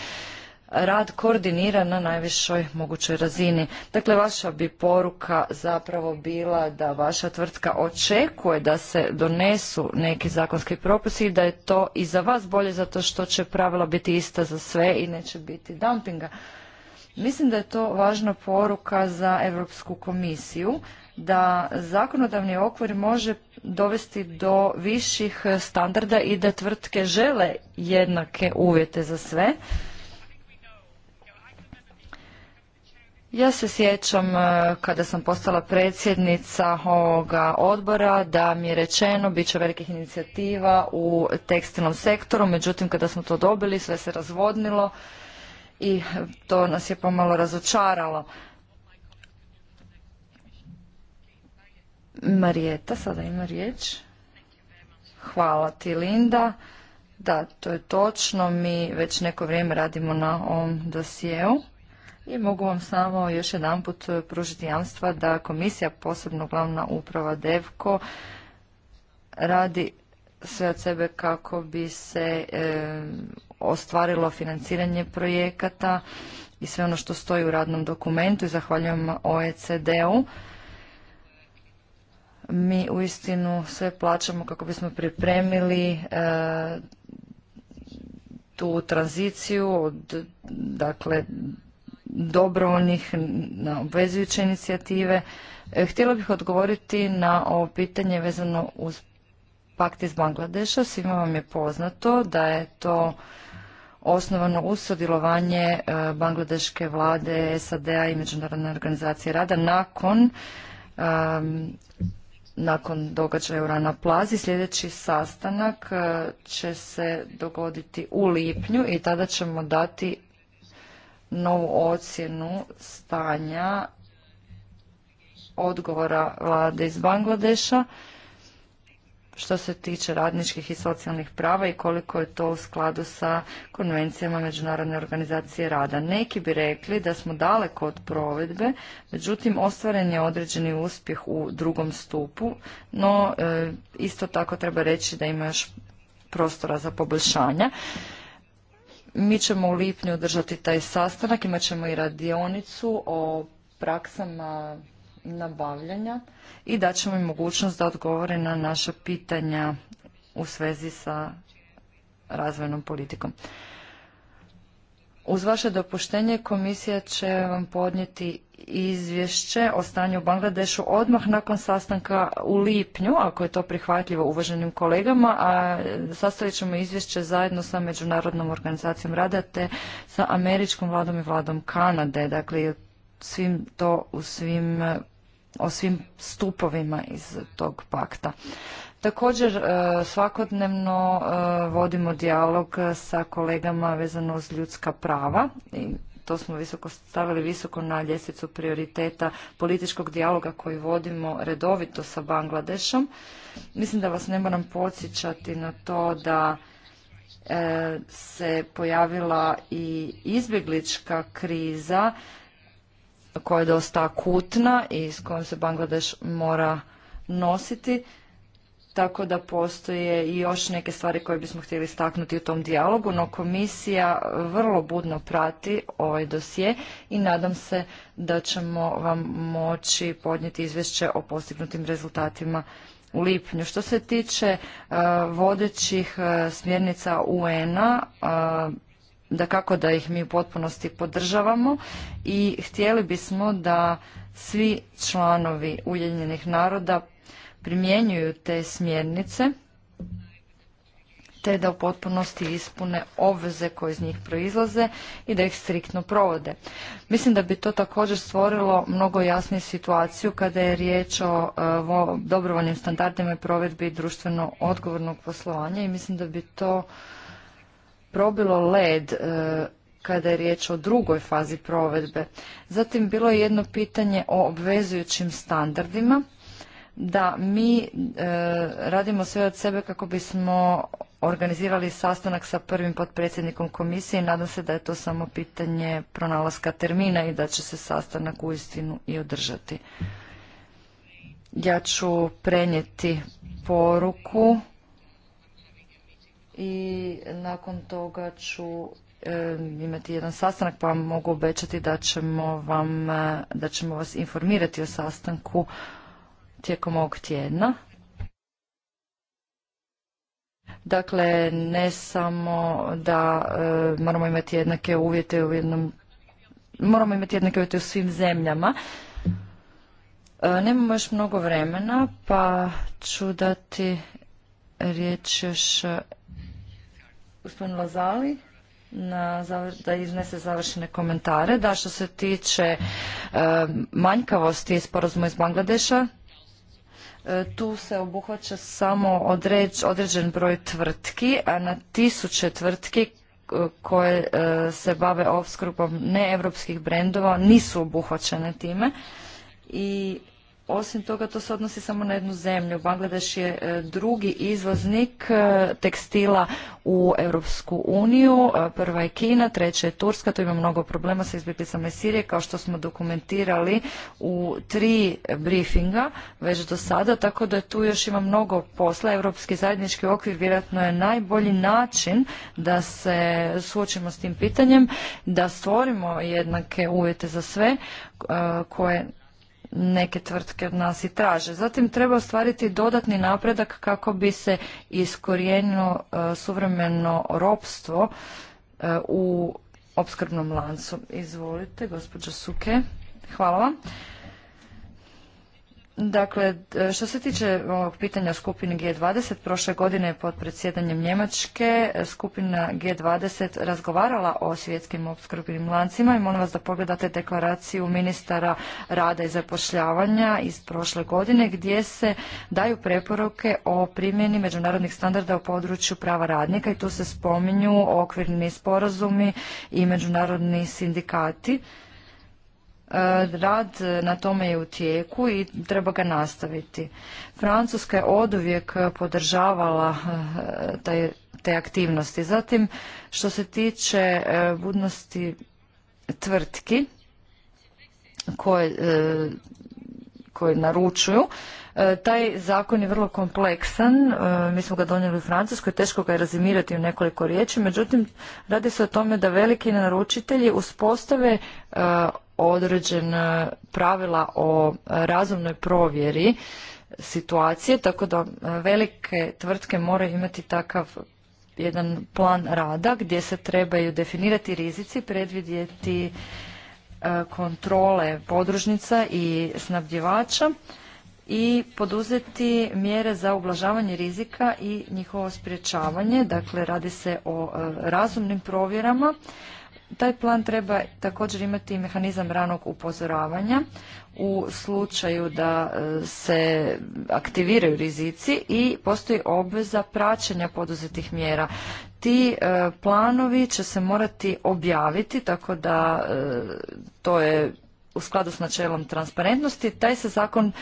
rad koordinira na najvišoj mogućoj razini. Dakle, vaša bi poruka zapravo bila da vaša tvrtka očekuje da se donesu neki zakonski propisi i da je to i za vas bolje zato što će pravila biti ista za sve i neće biti dumpinga. Mislim da je to važna poruka za Europsku komisiju da zakonodavni okvir može dovesti do viših standarda i da tvrtke žele jednake uvjete za sve Ja se sjećam e, kada sam postala predsjednica ovoga odbora da mi je rečeno bit će velikih inicijativa u tekstilnom sektoru, međutim kada smo to dobili sve se razvodnilo i to nas je pomalo razočaralo. Marijeta, sada ima riječ. Hvala ti Linda. Da, to je točno, mi već neko vrijeme radimo na ovom dosijeu i mogu vam samo još jedanput pružiti jamstva da komisija, posebno glavna uprava DEVKO, radi sve od sebe kako bi se e, ostvarilo financiranje projekata i sve ono što stoji u radnom dokumentu i zahvaljujem OECD-u. Mi uistinu sve plaćamo kako bismo pripremili e, tu tranziciju od dakle dobrovoljnih na obvezujuće inicijative. E, htjela bih odgovoriti na ovo pitanje vezano uz pakt iz Bangladeša. Svima vam je poznato da je to osnovano uz sudjelovanje e, bangladeške vlade, SAD-a i Međunarodne organizacije rada nakon nakon događaja u Rana Plazi. Sljedeći sastanak e, će se dogoditi u lipnju i tada ćemo dati novu ocjenu stanja odgovora vlade iz Bangladeša što se tiče radničkih i socijalnih prava i koliko je to u skladu sa konvencijama Međunarodne organizacije rada. Neki bi rekli da smo daleko od provedbe, međutim ostvaren je određeni uspjeh u drugom stupu, no e, isto tako treba reći da ima još prostora za poboljšanja. Mi ćemo u lipnju održati taj sastanak, imat ćemo i radionicu o praksama nabavljanja i ćemo im mogućnost da odgovore na naša pitanja u svezi sa razvojnom politikom. Uz vaše dopuštenje komisija će vam podnijeti izvješće o stanju u Bangladešu odmah nakon sastanka u lipnju, ako je to prihvatljivo uvaženim kolegama, a sastavit ćemo izvješće zajedno sa Međunarodnom organizacijom rada te sa američkom vladom i vladom Kanade, dakle svim to u svim o svim stupovima iz tog pakta. Također e, svakodnevno e, vodimo dijalog sa kolegama vezano uz ljudska prava i to smo visoko stavili visoko na ljestvicu prioriteta političkog dijaloga koji vodimo redovito sa Bangladešom. Mislim da vas ne moram podsjećati na to da e, se pojavila i izbjeglička kriza koja je dosta akutna i s kojom se Bangladeš mora nositi tako da postoje i još neke stvari koje bismo htjeli istaknuti u tom dijalogu, no komisija vrlo budno prati ovaj dosje i nadam se da ćemo vam moći podnijeti izvješće o postignutim rezultatima u lipnju. Što se tiče e, vodećih e, smjernica UN-a, e, da kako da ih mi u potpunosti podržavamo i htjeli bismo da svi članovi Ujedinjenih naroda primjenjuju te smjernice te da u potpunosti ispune obveze koje iz njih proizlaze i da ih striktno provode. Mislim da bi to također stvorilo mnogo jasniju situaciju kada je riječ o, e, dobrovoljnim standardima i provedbi društveno odgovornog poslovanja i mislim da bi to probilo led e, kada je riječ o drugoj fazi provedbe. Zatim bilo je jedno pitanje o obvezujućim standardima da mi e, radimo sve od sebe kako bismo organizirali sastanak sa prvim potpredsjednikom komisije i nadam se da je to samo pitanje pronalaska termina i da će se sastanak uistinu i održati. Ja ću prenijeti poruku i nakon toga ću e, imati jedan sastanak pa vam mogu obećati da ćemo, vam, e, da ćemo vas informirati o sastanku tijekom ovog tjedna. Dakle, ne samo da e, moramo imati jednake uvjete u jednom, moramo imati jednake uvjete u svim zemljama. E, nemamo još mnogo vremena, pa ću dati riječ još e, gospodinu Lazali na, da iznese završene komentare. Da, što se tiče manjkavosti manjkavosti sporazuma iz Bangladeša, tu se obuhvaća samo određen broj tvrtki, a na tisuće tvrtki e, koje e, se bave opskrbom neevropskih brendova nisu obuhvaćene time i osim toga to se odnosi samo na jednu zemlju. Bangladeš je e, drugi izvoznik e, tekstila u Europsku uniju. E, prva je Kina, treća je Turska. Tu ima mnogo problema sa izbjeglicama iz Sirije kao što smo dokumentirali u tri briefinga već do sada. Tako da tu još ima mnogo posla. Europski zajednički okvir vjerojatno je najbolji način da se suočimo s tim pitanjem, da stvorimo jednake uvjete za sve koje neke tvrtke od nas i traže. Zatim treba ostvariti dodatni napredak kako bi se iskorijenilo e, suvremeno ropstvo e, u opskrbnom lancu. Izvolite, gospođo Suke. Hvala vam. Dakle, što se tiče ovog pitanja o skupini G20, prošle godine pod predsjedanjem Njemačke e, skupina G20 razgovarala o svjetskim opskrbnim lancima i molim vas da pogledate deklaraciju ministara rada i zapošljavanja iz prošle godine gdje se daju preporuke o primjeni međunarodnih standarda u području prava radnika i tu se spominju okvirni sporazumi i međunarodni sindikati E, rad e, na tome je u tijeku i treba ga nastaviti. Francuska je oduvijek podržavala e, te aktivnosti. Zatim, što se tiče budnosti tvrtki koje, koje naručuju, taj zakon je vrlo kompleksan, mi smo ga donijeli u Francuskoj, teško ga je razimirati u nekoliko riječi, međutim radi se o tome da veliki naručitelji uspostave određena pravila o razumnoj provjeri situacije, tako da e, velike tvrtke moraju imati takav jedan plan rada gdje se trebaju definirati rizici, predvidjeti e, kontrole podružnica i snabdjevača i poduzeti mjere za ublažavanje rizika i njihovo sprječavanje. Dakle, radi se o e, razumnim provjerama taj plan treba također imati mehanizam ranog upozoravanja u slučaju da e, se aktiviraju rizici i postoji obveza praćenja poduzetih mjera. Ti e, planovi će se morati objaviti tako da e, to je u skladu s načelom transparentnosti. Taj se zakon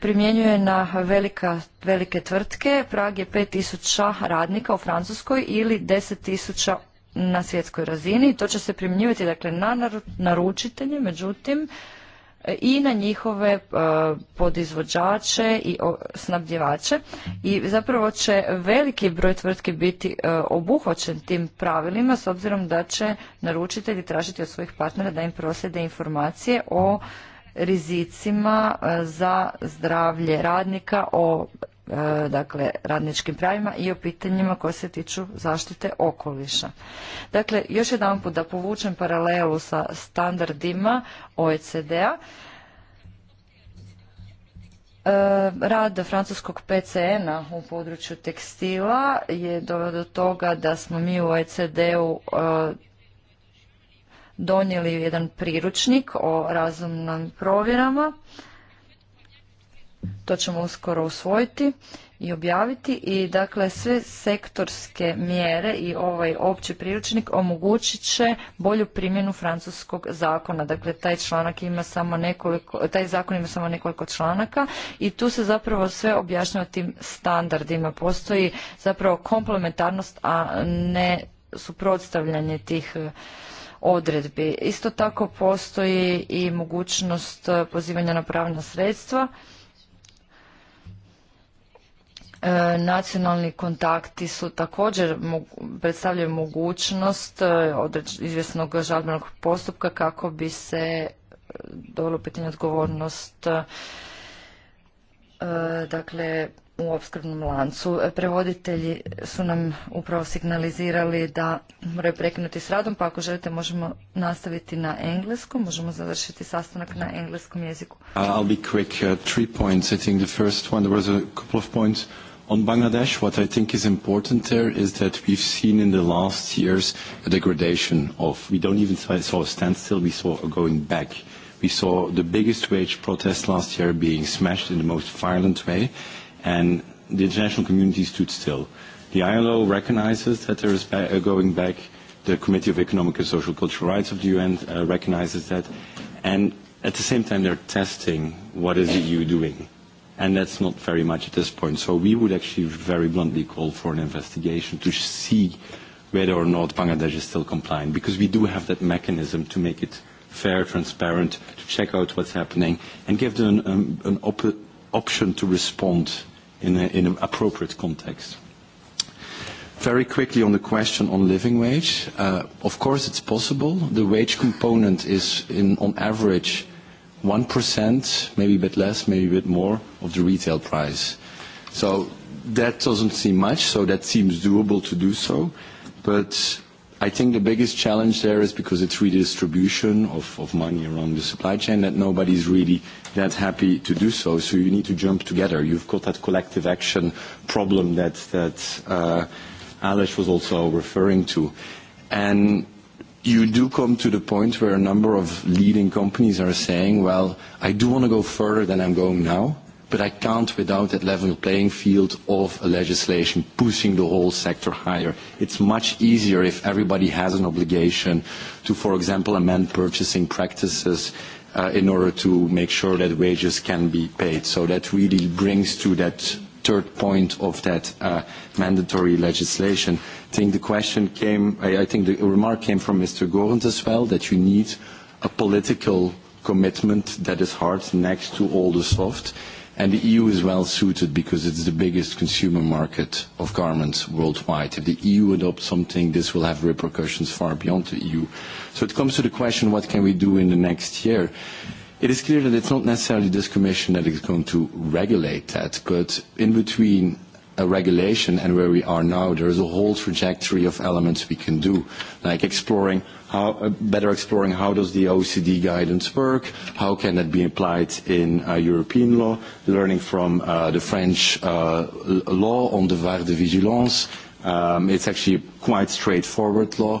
primjenjuje na velika, velike tvrtke. Prag je 5000 radnika u Francuskoj ili 10.000 na svjetskoj razini i to će se primjenjivati dakle, na naručitelje, međutim, i na njihove e, podizvođače i snabdjevače i zapravo će veliki broj tvrtki biti e, obuhvaćen tim pravilima s obzirom da će naručitelji tražiti od svojih partnera da im prosjede informacije o rizicima e, za zdravlje radnika, o E, dakle radničkim pravima i o pitanjima koje se tiču zaštite okoliša. Dakle, još jedan put da povučem paralelu sa standardima OECD-a. E, rad francuskog PCN-a u području tekstila je doveo do toga da smo mi u OECD-u e, donijeli jedan priručnik o razumnim provjerama to ćemo uskoro usvojiti i objaviti i dakle sve sektorske mjere i ovaj opći priručnik omogućit će bolju primjenu francuskog zakona. Dakle taj članak ima samo nekoliko, taj zakon ima samo nekoliko članaka i tu se zapravo sve objašnjava tim standardima. Postoji zapravo komplementarnost, a ne suprotstavljanje tih e, odredbi. Isto tako postoji i mogućnost e, pozivanja na pravna sredstva E, nacionalni kontakti su također predstavljaju mogućnost e, izvjesnog žalbenog postupka kako bi se e, dovelo pitanje odgovornost dakle u opskrbnom lancu. Prevoditelji su nam upravo signalizirali da moraju prekinuti s radom, pa ako želite možemo nastaviti na engleskom, možemo završiti sastanak na engleskom jeziku. I'll on Bangladesh, what I think is important there is that we've seen in the last years a degradation of, we don't even saw a standstill, we saw a going back. We saw the biggest wage protest last year being smashed in the most violent way, and the international community stood still. The ILO recognizes that there is a going back. The Committee of Economic and Social Cultural Rights of the UN recognises uh, recognizes that. And at the same time, they're testing what is the EU doing and that's not very much at this point. So we would actually very bluntly call for an investigation to see whether or not Bangladesh is still compliant, because we do have that mechanism to make it fair, transparent, to check out what's happening, and give them an, um, option to respond in, an appropriate context. Very quickly on the question on living wage. Uh, of course, it's possible. The wage component is, in, on average, 1%, maybe a bit less, maybe a bit more, of the retail price. So that doesn't seem much, so that seems doable to do so. But I think the biggest challenge there is because it's redistribution of, money around the supply chain that nobody's really that happy to do so. So you need to jump together. You've got that collective action problem that, that uh, was also referring to. And you do come to the point where a number of leading companies are saying, well, I do want to go further than I'm going now, but I can't without that level playing field of a legislation pushing the whole sector higher. It's much easier if everybody has an obligation to, for example, amend purchasing practices uh, in order to make sure that wages can be paid. So that really brings to that third point of that uh, mandatory legislation. I think the question came, I, think the remark came from Mr. Gorent as well, that you need a political commitment that is hard next to all the soft. And the EU is well suited because it's the biggest consumer market of garments worldwide. If the EU adopts something, this will have repercussions far beyond the EU. So it comes to the question, what can we do in the next year? It is clear that it's not necessarily this commission that is going to regulate that, but in between a regulation and where we are now, there is a whole trajectory of elements we can do, like exploring how, uh, better exploring how does the OECD guidance work, how can that be applied in uh, European law, learning from uh, the French uh, law on devoir de vigilance. Um, it's actually quite straightforward law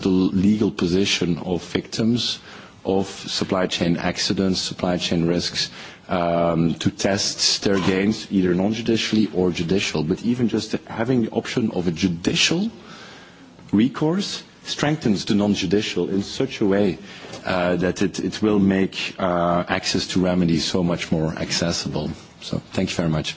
the legal position of victims of supply chain accidents, supply chain risks, um, to test their gains either non-judicially or judicial. But even just having the option of a judicial recourse strengthens the non-judicial in such a way uh, that it, it will make uh, access to remedies so much more accessible. So thank you very much.